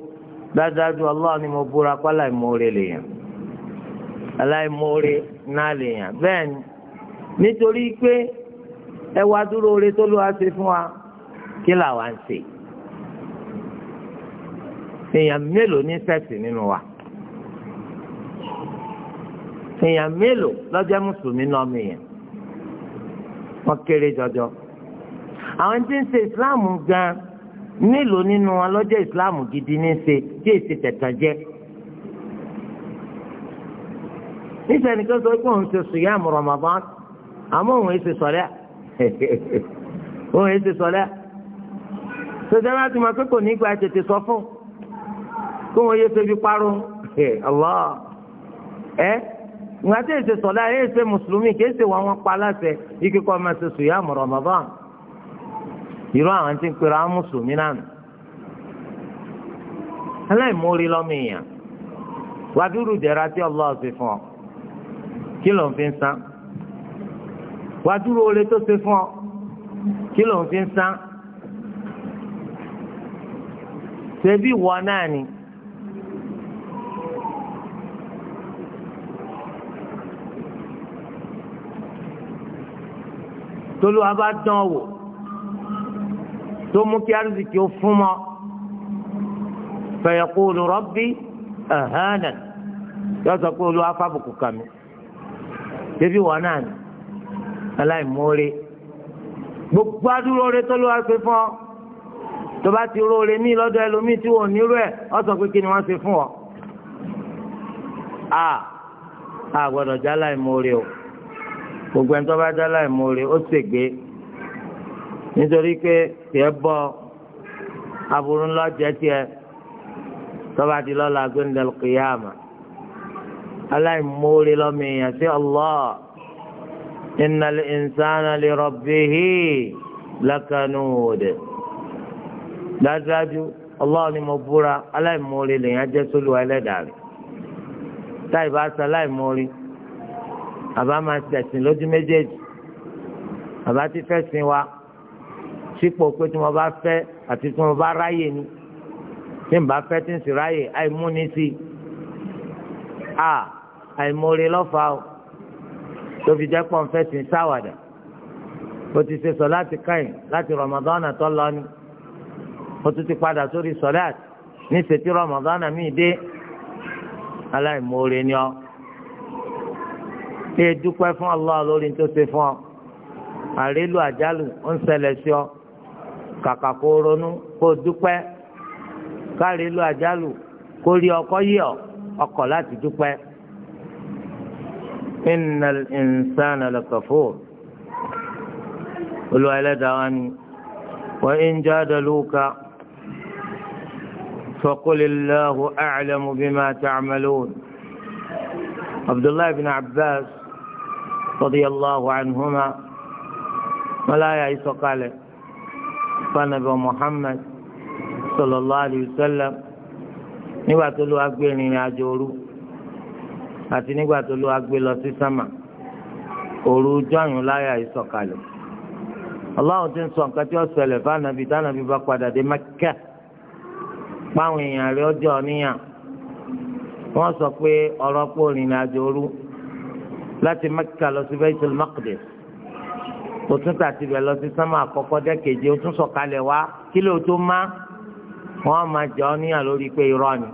dájúdájú Allah ni mo búra kọ́ lèèyàn náà lèèyàn bẹ́ẹ̀ ni nítorí pé ẹ wá dúró oore tó ló wá ṣe fún wa kí làwa ń ṣe èèyàn mélòó ní sẹ́ẹ̀sì nínú wa èèyàn mélòó lọ́jọ́ wọ́n kéré jọjọ. àwọn tí ń se islam gan nílò nínú wọn lọ́jọ́ islam gidi ní ṣe tí èsì tẹ̀tàn jẹ́. níṣẹ́ nìkan sọ pé òun ṣe sùyàm Ramadan àmọ́ òun èsì sọ̀rẹ́ òun èsì sọ̀rẹ́ sọ̀tẹ́ bá ti mọ̀ pé kò ní gba tètè sọ fún kó wọn yé febi parun Allah ẹ́. Eh? ìgbà tí èsè sọ̀lá ẹ̀ èsè mùsùlùmí kì í ṣe wọn wọn pa aláṣẹ ike kọ́ máa ṣe sùyàmù Ramadan irú àwọn tí ń pera àwọn mùsùlùmí náà nù. aláìmórí lọ́mọ èèyàn wàdúrú dẹ̀ra tí Allah ṣe fún ọ kí ló ń fi ń san wàdúrú oore tó ṣe fún ọ kí ló ń fi ń san ṣebí wọ náà ni. tolúwa bá dán wò tó mú kí arzikì ó fún mọ fẹyẹkúlù rọbì ẹhánà yọ sọ pé olúwa fábùkù kà mí débi wọn náà ni aláìmoore gbogbo adúróore tolúwa ṣe fún ọ tó bá ti róore ní lọ́dọ̀ ẹlòmíì tí wọn ò ní rú ẹ pé kí ni wọ́n ṣe fún ọ a a gbọ́dọ̀ jẹ́ aláìmoore o. gbogbo ẹni tó bá dá láì mórè ó ṣègbé nítorí pé tiẹ̀ bọ́ aburú ńlá jẹ́ tiẹ̀ tó bá di lọ́la gbẹ̀ndẹ̀lù kìyàmà aláìmórè lọ́mọ èèyàn sí Allah innal insana li rabbihi lakanud dájúdájú Allah ni mo búra aláìmórè lèèyàn jẹ́ sólùwà ẹlẹ́dàá rẹ̀ táì bá sa aláìmórè. àbá máa tẹ̀sìn lójú méjèèjì àbá ti fẹ́ sin wa sípò pé tí mo bá fẹ́ àti tí mo bá ráyè ni tí n bá fẹ́ tí n sì ráyè àìmúni sí i a àìmoore lọ́fà o tó fi jẹ́ pọ̀ ń sin sáwàdà o ti ṣe sọ láti káyìn láti rọmọdánà tó lọ ni o tún ti padà sórí sọláàtì ní ìṣètí rọmọdánà míì dé aláìmoore ni ọ ṣe é dúpẹ́ fún Allah lórí tó ṣe fún ọ àrélù àjálù ń ṣẹlẹ̀ sí ọ kàkà kó ronú kó dúpẹ́ kárélù àjálù kó rí ọkọ yí ọ ọkọ láti dúpẹ́. innal insana lakafur olùwà ẹlẹ́dàá wa ni wa in jadaluka faqulillahu a'lamu bima ta'malun Abdullahi bin Abbas. radiyallahu anhuma wọn láyà ìsọ̀kalẹ̀ fanabi muhammad sallallahu alayhi wa sallam nígbà tó ló wá gbé ìrìn àjò òru àti nígbà tó ló wá gbé lọ sí sámà òru jọyún sọ fanabi tanabi wọ́n sọ pé láti Mẹ́kà lọ sí Baitul Maqdis o tún tà tibẹ̀ lọ sí sánmà àkọ́kọ́ dẹ́kẹ̀jẹ́ o tún sọ̀kalẹ̀ wá kí ló tó má wọ́n máa jẹ́ ọ níyà lórí pé irọ́ ni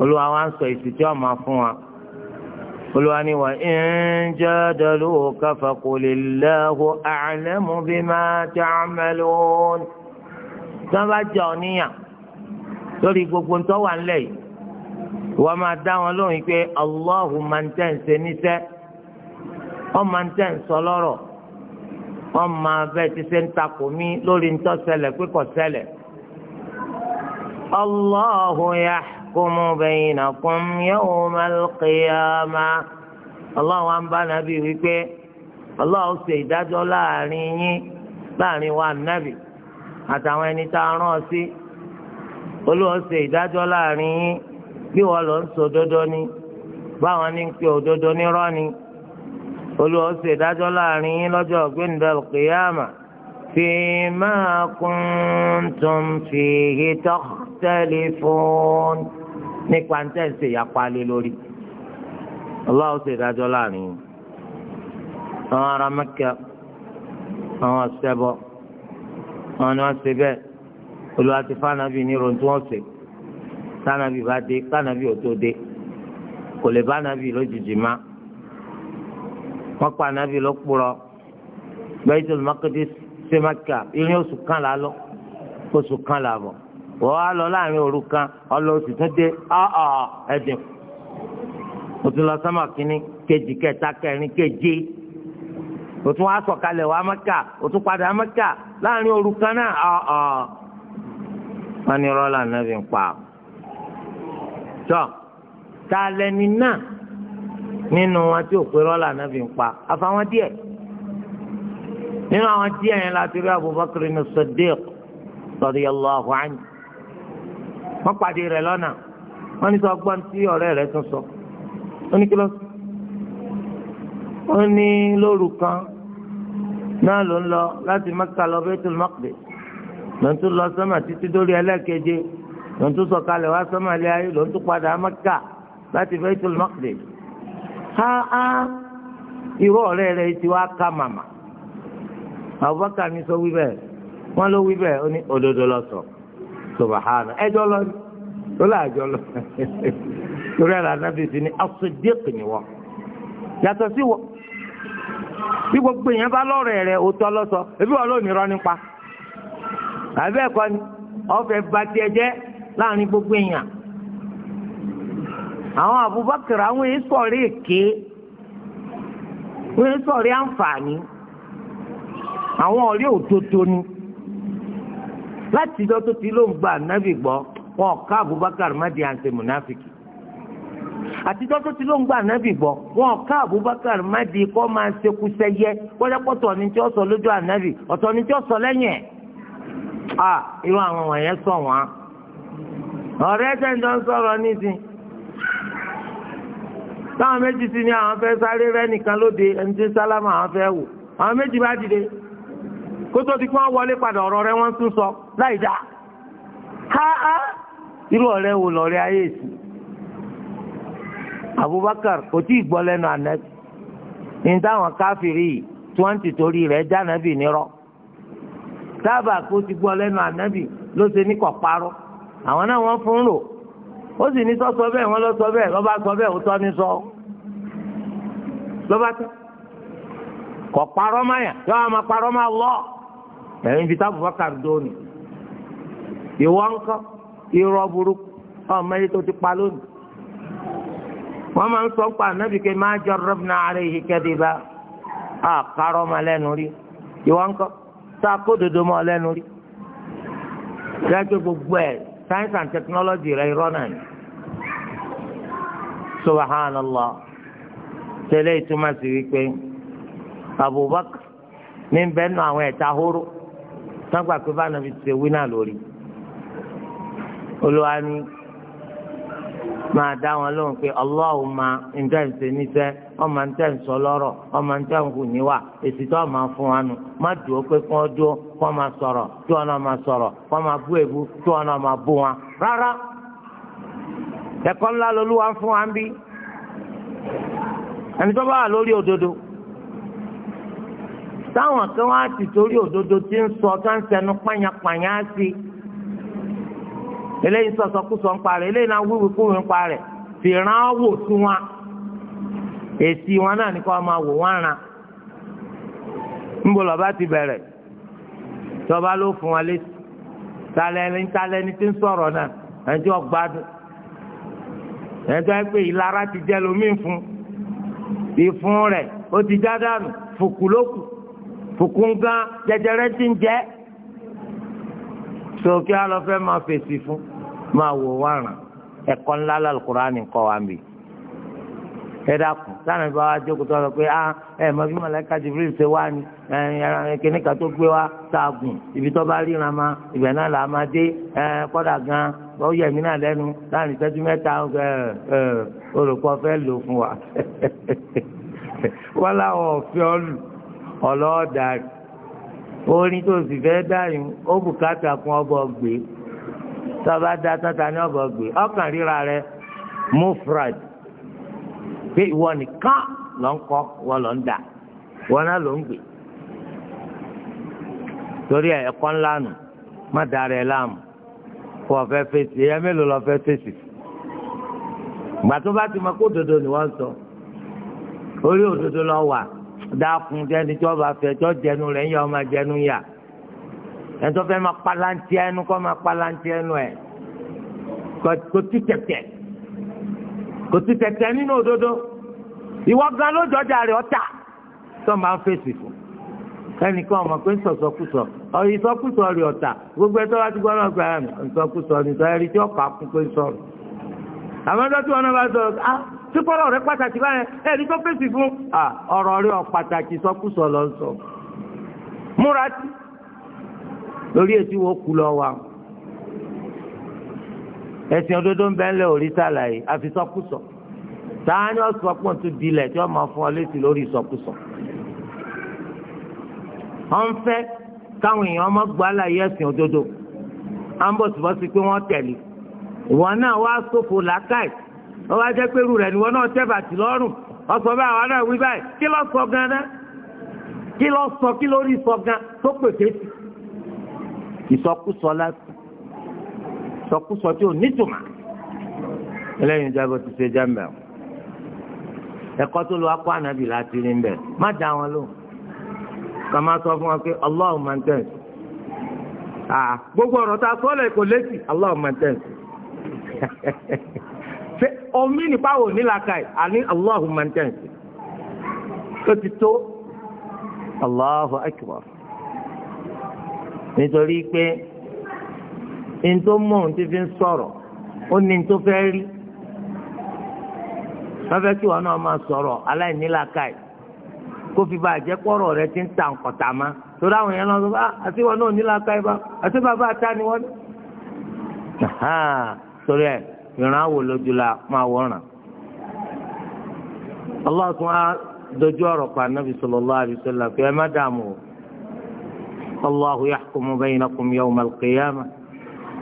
olúwa wa ń sọ èsì tí wọ́n máa fún wa olúwa ni wa in jadaluka faqulillahu a'lamu bima ta'malun tí wọ́n bá jẹ́ ọ níyà lórí gbogbo ń tọ́ wà ńlẹ̀ yìí. wọ́n máa dá wọn lóhùn pé Allahu máa ń tẹ̀ níṣẹ́ wọ́n máa ń lọ́rọ̀ wọ́n máa ń takò mí lórí ń tọ́ pé kò Allahu Allahu wípé Allahu ṣe ìdájọ́ láàrin yín láàrin wa àtàwọn ẹni tá a rán ọ sí Olúwa ṣe ìdájọ́ láàrin bí wọ́n lọ ń sọ òdodo ni báwọn ní ń pe òdodo nírọ́ ni Olúwa ṣe ìdájọ́ láàrin yín lọ́jọ́ ọ̀gbẹ́ni al-qiyama fima kuntum fihi takhtalifun nípa ń tẹ̀sí ìyapalẹ̀ lórí Allah ṣe ìdájọ́ láàrin yín àwọn ará Mẹ́kà àwọn ọ̀sẹ̀ bọ̀ àwọn ni wọ́n ṣe bẹ́ẹ̀ Olúwa ti fáwọn nàbì ní ìròyìn tí tánàbì bá dé kánàbì ò tó dé kò lè bá nàbì lójijì má wọ́n pa nàbì lọ́kpọ̀rọ̀ Baitul Maqdis sí Mẹ́kà ìrìn oṣù kan là lọ oṣù kan là bọ̀ wọ́n á lọ láàrin òru kan ọlọ oṣù tó dé ọ̀ọ́ ẹ̀dín o tún lọ sọ́mà kínní kejì kẹta kẹrin keje o tún wá sọ̀kalẹ̀ wá Mẹ́kà o tún padà Mẹ́kà láàrin òru kan náà ọ̀ọ́ wọn ni rọ́lá nàbì ń pa tọ́ ta lẹni náà nínú wọn tí òpè rọ́là náà fi ń pa àfàwọn díẹ̀ nínú àwọn díẹ̀ yẹn láti rí Abubakar ní Siddiq radiyallahu anhu wọ́n pàdé rẹ̀ lọ́nà wọ́n ní sọ gbọ́n tí ọ̀rẹ́ rẹ̀ tún sọ ó ní kí ló ó ní lóru kan náà ló ń lọ láti Mẹ́kà lọ Baitul Maqdis ló ń tún lọ sọ́mà títí dórí ẹlẹ́ẹ̀keje. ló ń tún sọ̀kalẹ̀ wá sọ́màlẹ́ ayé ló tún padà láti ha ha irú ọ̀rẹ́ rẹ̀ ti wá ká màmá Abubakar ni sọ wíbẹ̀ wọ́n ló wíbẹ̀ ó ní òdodo lọ subahana ẹjọ́ lọ ló láàjọ lọ torí ẹ̀rọ ni ni wọ́n yàtọ̀ sí wọ́n bí gbogbo èèyàn bá lọ́rọ̀ òótọ́ nípa ni ọ̀fẹ́ bàtí ẹ̀jẹ̀ láàrin gbogbo èèyàn àwọn Abubakar àwọn èyí sọ̀rí èké wọ́n èyí àǹfààní àwọn ọ̀rẹ́ òtótó ni láti ìjọ tó ti ló ń gba ànábì gbọ́ wọn ò Abubakar madi di àǹtẹ̀ mùnáfìkì àtijọ́ tó ti ló ń gba ànábì gbọ́ wọn ò Abubakar madi di kọ́ máa ṣekú sẹ́yẹ pọ́lẹ́pọ́tọ̀ ni tí ó sọ lójú ànábì ọ̀tọ̀ ni tí ó sọ lẹ́yìn ẹ̀ à irú àwọn wọ̀nyẹn sọ wọn. ọ̀rẹ́ tẹ̀jọ́ ń sọ̀rọ̀ nísìn táwọn méjì sí ni àwọn fẹ́ sáré rẹ́ nìkan lóde ẹni tí sálámà àwọn fẹ́ wò àwọn méjì bá dìde kó tó ti wọ́n wọlé padà ọ̀rọ̀ rẹ wọ́n tún sọ láì ha ha irú ọ̀rẹ́ wo Abubakar kò tí ì gbọ́ lẹ́nu ní táwọn torí rẹ̀ dábàá kó ti àwọn náà wọ́n fún lò ó sì ní sọ sọ bẹ́ẹ̀ wọ́n lọ sọ bẹ́ẹ̀ lọ́ba sọ bẹ́ẹ̀ ó tọ́ ní sọ lọ́ba tán kọ̀ parọ́ máyà yọ àmà parọ́ máa lọ ẹ̀yìn bíi tábùbọ́kà dóni ìwọ ńkọ́ irọ́ burúkú ọmọ yìí tó ti pa lónìí wọ́n máa ń sọ pa ànábì kẹ́ máa jọ rọ́bìnà àárẹ̀ yìí kẹ́dí bá a parọ́ máa lẹ́nu rí ìwọ ńkọ́ tá kó dodo máa lẹ́nu rí dájú gbogbo ẹ̀ science and technology rẹ irọ́ náà ni subhanallah tẹ́lẹ̀ ìtumọ̀ sí wípé abubakar ní bẹ́ẹ̀ nù àwọn ẹ̀ta horo sọ́gbà pé báyìí nàbí ti wí náà lórí olúwa ni máa dá wọn lóhùn pé ọlọ́run máa ń tẹ̀ ń ṣe níṣẹ́ ọmọ ń tẹ̀ ń sọ lọ́rọ̀ ọmọ ń tẹ̀ ń hù níwà èsì tó máa fún wa nù má dùn ó pé kọ́ ma sọ̀rọ̀ kí wọn náà máa sọ̀rọ̀ kọ́ máa bú wọn náà bú wọn rárá ẹ̀kọ́ ńlá ń fún wa ń bí ẹni tó bá wà lórí òdodo ti torí òdodo ti ń sọ tó ń sẹnu pányápányá sí eléyìí sọsọkúsọ ń parẹ eléyìí náà wíwíkúwì ń parẹ wò sí wọn èsì wọn náà tọ́ba ló fún wa létí talẹ́ni talẹ́ni tí ń sọ̀rọ̀ náà ẹni tí wọ́n gbádùn ẹni tó yẹ pé ìlara ti jẹ́ lómi fún ìfún rẹ̀ ó ti já dànù fùkù lókù fùkù gan jẹjẹrẹ ti ń jẹ́ sókè alọ́fẹ́ máa fèsì fún máa wò wá ràn ńlá lálùkùránì kọ́ wa mi. ẹ dákun sáànà bí jókòó tó lọ pé a ah, ẹ mọ bí mọlẹka jibril ṣe wá ni ẹ wa ṣaagùn ibi tó bá ríran ma ibẹ̀ náà là á máa dé ẹ kódà gan ó yẹ mí náà láàrin ẹ lò fún wa wọn làwọn ọfẹ ọlù ọlọọdà orin tó sì ó bùkátà fún ọbọ gbé tọba dá pé ìwọ nìkan lọ ń kọ́ wọ́n lọ ń dà wọ́n náà ló ń gbè torí ẹ̀kọ́ ńlá nù má dára ẹ̀ kó o fẹ́ fèsì ẹ̀yà mélòó lọ fẹ́ fèsì gbà tó bá ti mọ kó òdodo ni wọ́n sọ orí òdodo lọ wà dákun jẹni tí wọ́n bá fẹ́ tí wọ́n jẹnu rẹ̀ ń yà ọmọ jẹnu yà ẹ̀ńtọ́ fẹ́ máa palantí ẹnu kọ́ máa palantí ẹnu ẹ̀ kò tí tẹ̀tẹ̀ kò sí tẹ̀tẹ̀ nínú òdodo ìwọ gan ló jọjà rẹ̀ ọ̀tà tó máa ń fèsì fún ẹnìkan ọmọ pé sọ̀sọ̀kùsọ̀ ọ̀rọ̀ ìsọkùsọ̀ rẹ̀ ọ̀tà gbogbo ẹjọ́ wa ti gbọ́ náà gbàrà mi ah, ìsọkùsọ̀ ní sọ ẹni tí ọkọ̀ akúpé sọ̀rọ̀ àwọn ẹjọ́ tí wọn náà bá sọ̀rọ̀ ah tí kọ́lọ̀ rẹ̀ pàtàkì báyẹn ẹni tó fèsì fún ọ̀rọ̀ rẹ̀ ọ̀pàtàkì ìsọkùsọ̀ lọ sọ múra lórí ètí wo kú lọ wa ẹ̀sìn òdodo ń bẹ ńlẹ̀ orí sàlàyé àfisọkùsọ tààní ọ̀sọ̀pọ̀ tó dilẹ̀ tí wọ́n máa fún ọ létí lórí ìsọkùsọ. wọ́n fẹ́ káwọn èèyàn ọmọ gbọ́ àlàyé ẹ̀sìn òdodo à ń bọ̀ síbọ̀ sí pé wọ́n tẹ̀lé ìwọ náà wá sófo làákàyè wọ́n wá jẹ́ pé irú rẹ̀ ni wọ́n náà tẹ́ bàtì lọ́rùn ọ̀sọ̀ bá àwọn náà wí báyìí kí ló sọ gan-an kí ló sọ kí lórí sọ gan tó pèsè ìsọkúsọ láti sọkúsọ tí ò nítumà eléyìí jábọ̀ ti ṣe jámbẹ̀ o ẹ̀kọ́ tó lọ akọ ànábì láti rí mbẹ̀ má dá wọn lò kà má sọ fún wọn pé Allahu máa ń ah gbogbo ọ̀rọ̀ tá a sọ lẹ̀ kò létí Allahu máa ń tẹ̀ ṣe omi nípa wò ní làkàì àní Allahu máa ń tẹ̀ ó ti tó Allahu akbar nítorí pé ní tó mọ̀ ohun tí fi ń sọ̀rọ̀ ó ní tó fẹ́ rí wọ́n fẹ́ kí wọn náà máa sọ̀rọ̀ aláìnílàkàì kó fi bá àjẹpọ̀rọ̀ rẹ ti ń ta nkọ̀tà má torí àwọn yẹn lọ́wọ́ bá àti wọn náà nílàkàì bá àti bàbá ta ni wọ́n. torí ẹ ìran àwò lójú la máa wọ̀ràn. Allah tún á dojú ọ̀rọ̀ pa Nabi sallallahu alaihi wasallam ẹ má dààmú o. Allahu yahkumu bainakum yawmal qiyamah.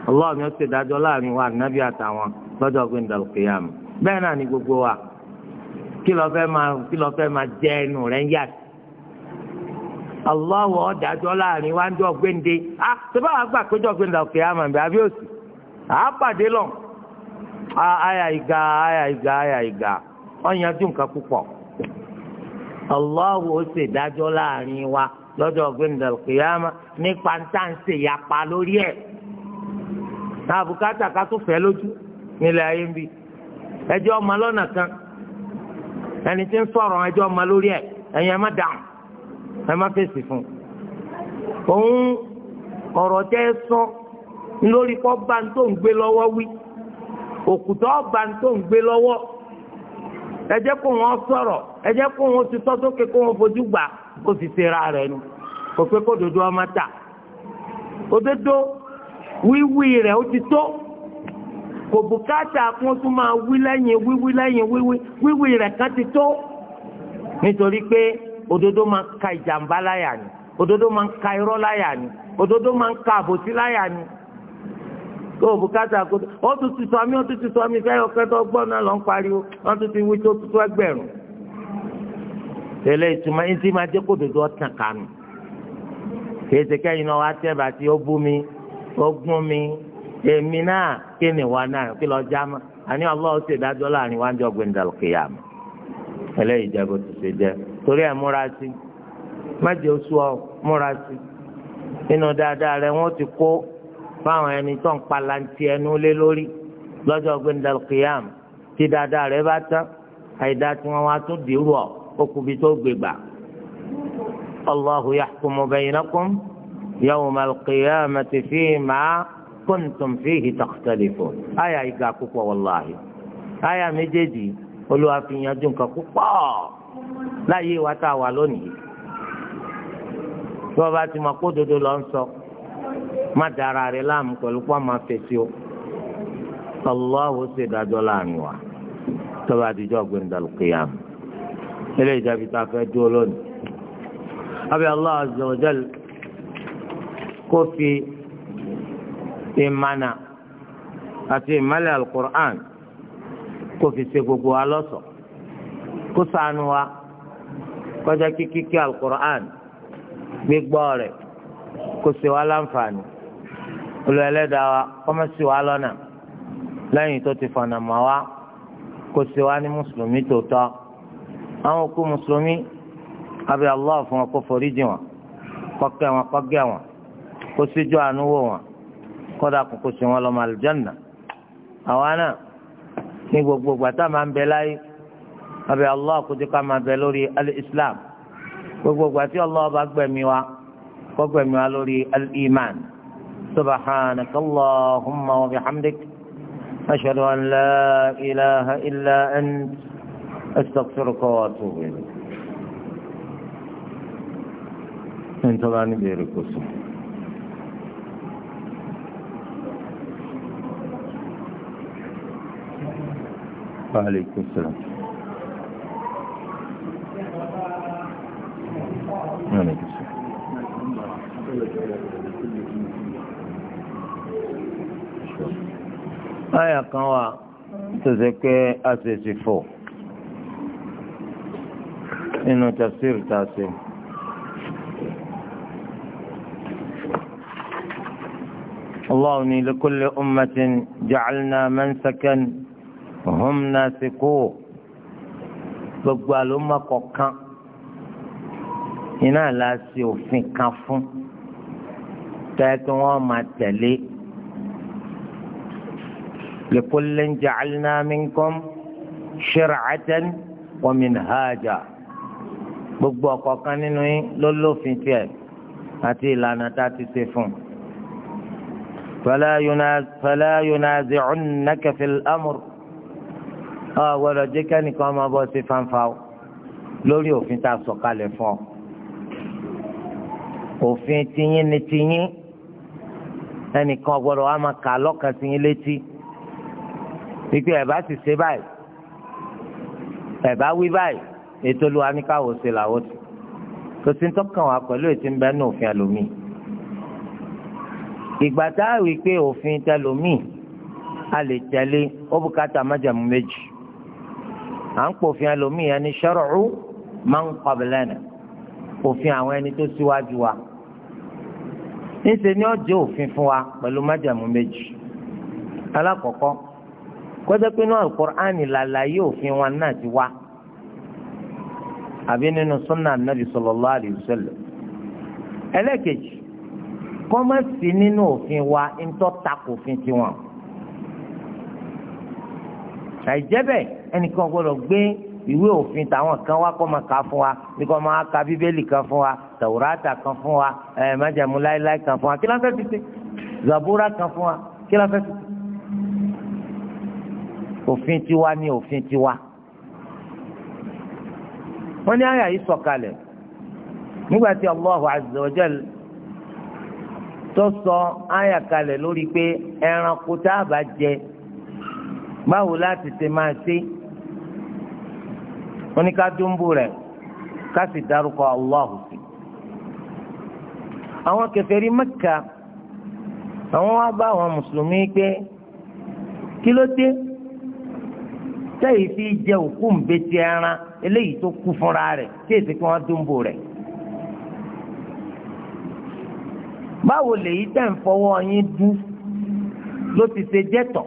Allah ni ó ṣe dájọ́ láàrin wa ànábì àtàwọn lọ́jọ́ gbẹ̀ndàlù kìyàmù bẹ́ẹ̀ náà ni gbogbo wa kí lọ fẹ́ máa kí jẹ ẹnu rẹ̀ ń yàtì Allah ó dájọ́ láàrin wa ń gbẹ̀ndé a ṣe bá wàá gbà péjọ gbẹ̀ndàlù kìyàmù àbí abíòsì pàdé lọ àyà ìgà àyà ìgà àyà ìgà nǹkan púpọ̀ Allah ṣe dájọ́ láàrin wa lọ́jọ́ nípa ń tà ń ṣèyapa lórí ẹ̀. tá a bùkátà ká tó fẹ́ lójú nílẹ̀ ayé ń bi ẹjọ́ ọmọ lọ́nà kan ẹni tí ń sọ̀rọ̀ ẹjọ́ ọmọ lórí ẹ̀ ẹ̀yin ẹ má dáhùn ẹ má fèsì fún un òun ọ̀rọ̀ tẹ́ ẹ sọ lórí kọ́ bá ń tó ń gbé lọ́wọ́ wí òkùtọ́ bá ń tó ń gbé lọ́wọ́ ẹ kó wọn sọ̀rọ̀ ẹ kó wọn ti tọ́ sókè kó wọn fojú gbà kó sì ṣe ra rẹ̀ nu kò kó dodo ọmọ ta òdodo wíwí rẹ̀ ó ti tó kò bùkátà kún tún máa wí lẹ́yìn wíwí lẹ́yìn wíwí wíwí rẹ̀ kan ti tó nítorí pé òdodo máa ń ka ìjàmbá láyà ni òdodo máa ń ka irọ́ láyà ni òdodo máa ń ka àbòsí láyà ni kó o bùkátà kó o tún ti sọ mí o tún ti sọ mí fẹ́ ọ̀kẹ́ tó gbọ́ náà lọ ń pariwo wọ́n tún ti wí tó tún ẹgbẹ̀rún tẹ̀lé ìtumọ̀ ẹni tí máa jẹ́ kó òdodo ọ̀tàn kànú kì í náà wá tẹ́ bàtí ó bú mi ogún mi èmi náà kí ni wà náà kí lọ já ma àní Allah ṣe dájọ́ láàrin wá ń jọ gbẹ̀ndà kìyàmù eléyìí jẹ́ bó ti ṣe jẹ́ torí ẹ̀ múra sí má jẹ́ oṣù ọ múra sí nínú dáadáa rẹ wọ́n ti kó fáwọn ẹni tó ń palantí ẹnu lé lórí lọ́jọ́ gbẹ̀ndà kìyàmù tí dáadáa rẹ bá tán àìdá tí wọ́n wá tún dìrú ọ ó kúbi tó gbégbà Allahu yahkumu bainakum. يوم القيامة فيما كنتم فيه تختلفون آية إيقاكوك والله آية مجدي قلوا في يدنك كوكا لا يواتا والوني tó o bá ti mọ kó dodo lọ ń sọ má dara rẹ láàmú pẹ̀lú pọ́ máa fèsì o Allahu ṣe dájọ́ láàrin wa tó bá dijọ́ gbẹ̀ndàlù kìyàm ilé ìjàbí tá a fẹ́ dúró lónìí. abẹ́ Allah azza wa jalla kó fi ìmànà àti ìmàlẹ̀ alukur'an kó fi ṣe gbogbo wa lọ́ṣọ̀ọ́ kó ṣàánú wa kọjá kíkíkí alukur'an gbígbọ́ rẹ̀ kó ṣe wa láǹfààní olùẹlẹ́dàá wa kọ́mọ́ sí wa lọ́nà lẹ́yìn tó ti fọ̀nà mọ́ wa kó ṣe wa ní mùsùlùmí tòótọ́ àwọn òkú mùsùlùmí abẹ́ Allah fún wa kó foríjì wọn kó kẹ́ wọn kó gẹ̀ wọn kó síjú àánú wò wọn kódà kò kó sí wọn lọ́mọ àlùjànnà àwa náà ní gbogbo gbàtà máa ń bẹ láyé abẹ́ Allah kó jẹ́ ká máa bẹ lórí al-Islam gbogbo gbàtí Allah bá gbẹ̀mí wa kó gbẹ̀mí wa lórí al-iman subhanaka Allahumma wa bihamdik ashhadu an la ilaha illa ant astaghfiruka wa atubu ilayk. انتظرني بيركوسو وعليكم السلام آية قوى تزكي أساسي فو إنه تفسير تاسي الله لكل أمة جعلنا منسكا hum nasiku gbogbo àlòmọ kọ̀ọ̀kan iná la ṣe òfin kan fún tẹ́ kí wọ́n máa tẹ̀lé likullin ja'alna minkum shir'atan wa minhaja gbogbo ọ̀kọ̀ọ̀kan nínú yín ló lófin tiẹ̀ àti ìlànà tá a ti ṣe fún un. fala yunazi'unnaka fil amr ọ gbọ́dọ̀ jẹ́ kẹ́nìkan máa bọ́ sí fanfa o lórí òfin tá a sọ kalẹ̀ fún ọ òfin tiyín ni tiyín ẹnìkan gbọ́dọ̀ wá máa kà lọ́kàn tiyín létí wípé ẹ bá sì ṣe báyìí ẹ bá wí báyìí ètò olúwa ní káwọ ṣe làwọ tó kò sí tọkàn wá pẹ̀lú ètò ń bẹ ní òfin ẹlòmíì ìgbà tá a wí pé òfin tẹlòmíì a lè tẹ̀lé ó bùkátà májàmú méjì. à ń pòfin ẹlòmíì ẹni shar'u man qablana òfin àwọn ẹni tó síwájú wa níṣẹ́ ni ọ jẹ́ òfin fún wa pẹ̀lú májàmú méjì alákọ̀ọ́kọ́ kọjá pé náà alukur'ani làlàyé òfin wa náà ti wá àbí nínú sunna anabi sallallahu alayhi wa sallam ẹlẹ́kejì kọ́mọ̀sí nínú òfin wa ń tọ́ ofin òfin tiwọn àìjẹ́ bẹ́ẹ̀ ẹnìkan gbọ́dọ̀ gbé ìwé òfin tàwọn kan wá kọ́ máa kà fún wa bí kò máa ka bíbélì kan fún wa tàwùrátà kan fún wa ẹ̀ májàmú láéláé kan fún wa kí ló ti ṣe zabura kan fún wa kí ló fẹ́ ti ṣe. òfin tiwa ni òfin tiwa wọ́n ní àyà yìí sọ̀kalẹ̀ nígbà tí Allahu azza jal tó sọ àyà kalẹ̀ lórí pé ẹranko tá a bá jẹ báwo láti ṣe máa ṣe oníkádùnbù rẹ̀ ká sì dárúkọ Allahu sí. àwọn kèfèrí Mẹ́kà àwọn wá bá àwọn mùsùlùmí pé kí ló dé sẹ́yìn fi jẹ òkú ńbẹ́tì ẹran eléyìí tó kú fúnra rẹ̀ tí èsì kí wọ́n dùnbù rẹ̀. báwo lèyí tẹ̀ ń fọwọ́ yín dú ló ti ṣe jẹ́tọ̀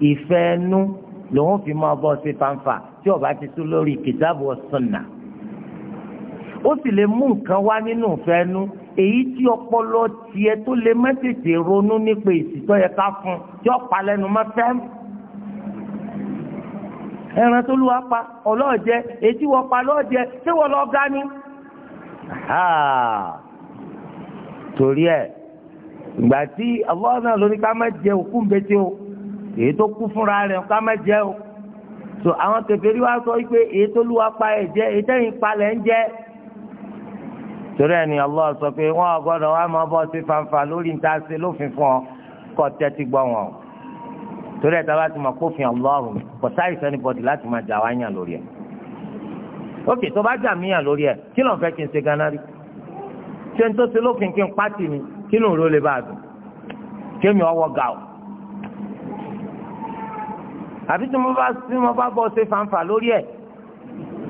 ìfẹ́ ẹnu lòun fi máa bọ́ ṣe fanfa tí ọba ti tú lórí kìtàbù ọ̀sánà ó sì lè mú nǹkan wá nínú ìfẹ́ ẹnu èyí tí ọpọlọ tiẹ̀ tó lè má tètè ronú nípa èsì tó yẹ ká fún tí ọ̀pá lẹ́nu má fẹ́ ẹran tó lù wá pa ọlọ́ọ̀jẹ ètí wọ́n pa lọ́ọ̀jẹ tí wọ́n lọ́ọ́ gání torí ẹ̀ ìgbà tí Allah náà lóní ká má jẹ òkú ń bẹ́tẹ́ o èyí tó kú fúnra rẹ̀ ká má jẹ́ o so àwọn kèfèrí wa sọ wípé èyí tó lù wá pa ẹ̀ jẹ́ èyí tẹ́yìn palẹ̀ ń jẹ́ torí ẹni Allah sọ pé wọn ò gbọ́dọ̀ wá máa bọ́ sí fanfa lórí níta ṣe lófin fún ọ kọ́ tẹ́tí gbọ́ wọn o torí ẹ̀ tábà ti máa kófin Allah kò sáyé sẹ́ni bọ́dì láti máa jà wá yàn lórí ẹ̀ ókè tó bá jà míyàn lórí ẹ̀ kí ló ń fẹ́ kí n ṣe ganan rí ṣé n tó ṣe lófin kí n pátì ni kí ló ń ro lè bá a dùn kémi ọwọ́ ga o àbí tí mo bá tí mo bá bọ́ ṣe fanfa lórí ẹ̀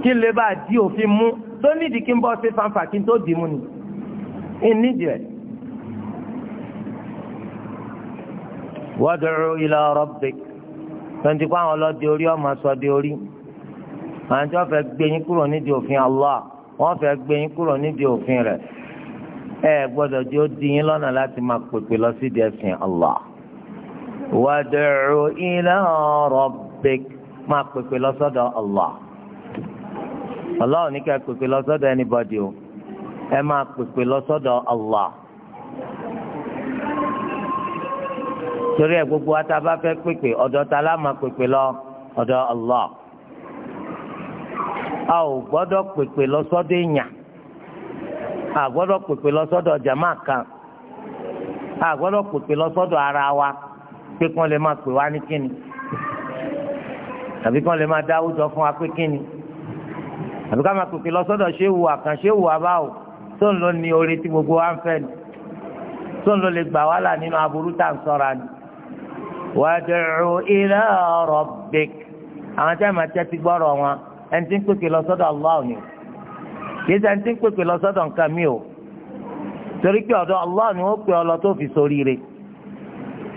kí n lè bá di òfin mú tó nídìí kí n bọ́ ṣe fanfa kí n tó dì í mú ni ìnídìí ẹ̀. wad'u ila rabbik tonti kó àwọn ọlọ́dẹ orí ọmọ sọdẹ orí àwọn tí wọ́n fẹ́ gbé yín kúrò nídìí òfin Allah wọ́n fẹ́ gbé yín kúrò nídìí òfin rẹ̀ ẹ gbọ́dọ̀ tí ó di yín lọ́nà láti máa pèpè lọ sídìí ẹ̀sìn Allah. wad'u ila rabbik máa pèpè lọ́sọ́dọ̀ Allah Allah ò ní ká pèpè lọ́sọ́dọ̀ anybody o ẹ máa pèpè lọ́sọ́dọ̀ Allah. torí ẹ gbogbo wa bá fẹ́ pèpè ọ̀dọ̀ ta la máa Allah. a ò gbọ́dọ̀ pèpè lọ́sọ́dọ̀ a gbọ́dọ̀ pèpè lọ́sọ́dọ̀ kan a gbọ́dọ̀ pèpè lọ́sọ́dọ̀ ara pé kí wọ́n lè máa pè wá ní kíni àbí kí wọ́n lè máa dá àwùjọ fún wa pé kíni àbí ká máa pèpè lọ sọ́dọ̀ ṣéwù àkànṣe wù abá tó ń lọ ní oore tí gbogbo wa ń fẹ́ ni tó ń lọ lè gbà wàhálà nínú aburú tá à ń sọ́ra ni. wàdùrù ila rabbik àwọn tí a máa tẹ́tí gbọ́rọ̀ wọn ẹni tí ń pèpè lọ sọ́dọ̀ Allah ni o kìí ṣe ẹni tí ń pèpè lọ nǹkan mi o torí pé ọ̀dọ̀ Allah ni ó pè ọ lọ tó fi ṣoríire. So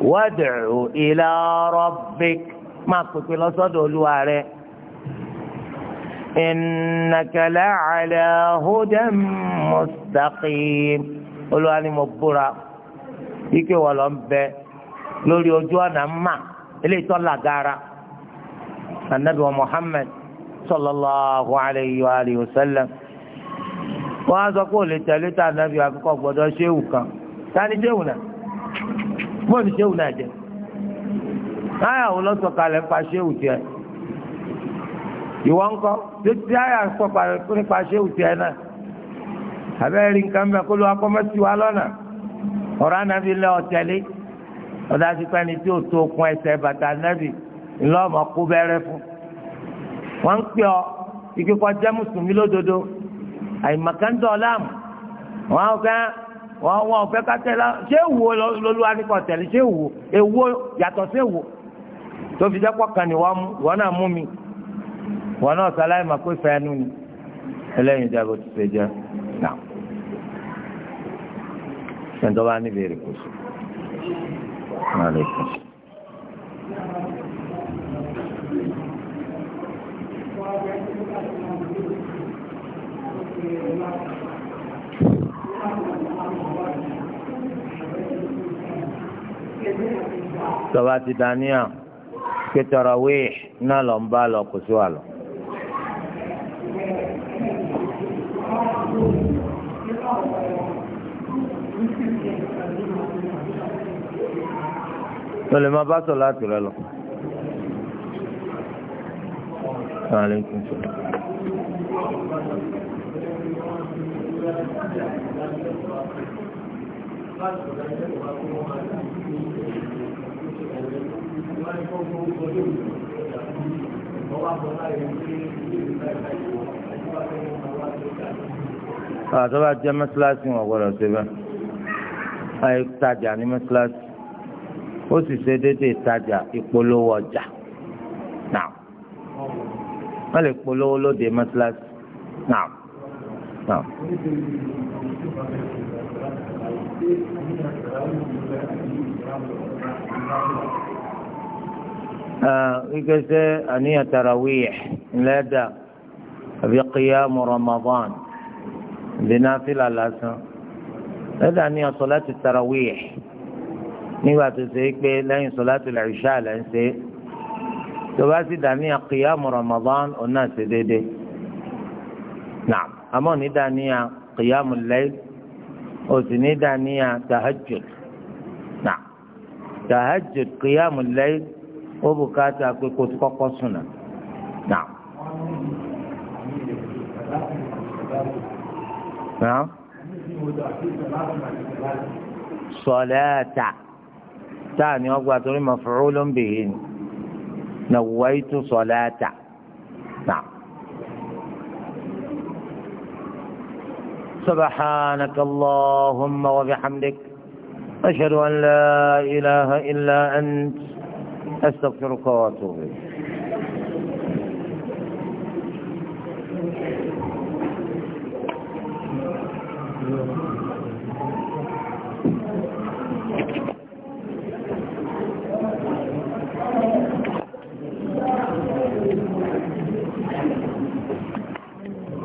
wad'u ila rabbik máa pèpè lọ́sọ́dọ̀ olúwa rẹ̀ innaka la'ala hudan mustaqim olúwa ni mo búra ike wọ̀ lọ́n bẹ lórí ojú ọ̀nà mà eléyìí tó làgàrà anabi wa muhammed sallallahu alayhi wa alihi wa sallam wọn á sọ pé lè tẹ̀lé tá anabi àkọ́kọ́ gbọ́dọ̀ ṣéwù kan tani ṣéwù náà bọ́ọ̀lù ṣéwù náà jẹ náírà òun lọ sọ̀kalẹ̀ nípa ṣéwù tiẹ̀ ìwọ ńkọ́ títí náírà sọ̀kalẹ̀ nípa ṣéwù tiẹ̀ náà abẹ́rẹ́ nǹkan mẹ́ kó ló wá kọ́mọ́sí wa lọ́nà ọ̀rọ̀ ànábì lẹ́ ọ̀tẹ́lẹ́ ọ̀dà sípẹ́ ni tí ò tó kún ẹsẹ̀ bàtà ànábì ńlọ́ọ̀mọ̀ kú bẹ́rẹ́ fún wọ́n ń pè ọ́ ìkíkọ́ jẹ́ mùsùlùmí lódodo àyìnbàkàndọ̀ ọ̀làmù wọ́n á kàn wọn wọn ò fẹ́ ká tẹ̀lé ṣé èwo lolúwa ní kò tẹ̀lé ṣé èwo èwo yàtọ̀ sí èwo tó fi jẹ́ pọ̀kan ni wọ́n náà mú mi wọ́n náà sáláì máa pé fẹ́ẹ́ nù ni ẹlẹ́yin ìjábọ̀ ti ṣe jẹ́ náà ṣẹ́ńtọ́ bá níbi èrè Thank you. tọba ti daniel pé tarawih na lọ ń bá lọ kò sí wa lọ. bá sọ láti rẹ lọ. Thank you àtọ́wá ah, jẹ́ mẹ́sàlásì wọn gbọ́dọ̀ ṣe bẹ́ẹ̀ àyè tajà ní mẹ́sàlásì ó sì ṣe déédéé tajà ìpolówó ọjà náà wọ́n lè polówó lóde mẹ́sàlásì náà náà. آه، يقول أنية تراويح لدى في قيام رمضان بنافلة لسا هذا أنية صلاة التراويح نيوات سيك بي صلاة العشاء لأن سي تواسي دانية قيام رمضان والناس دي دي نعم أما ندانية قيام الليل وسندانية تهجد نعم تهجد قيام الليل ó bùkátà pé kó tó kọ́kọ́ sùn náà. نعم صلاة تاني أقوى تقول مفعول به نويت صلاة نعم سبحانك اللهم وبحمدك أشهد أن لا إله إلا أنت astaghfiruka wa atubu ilayk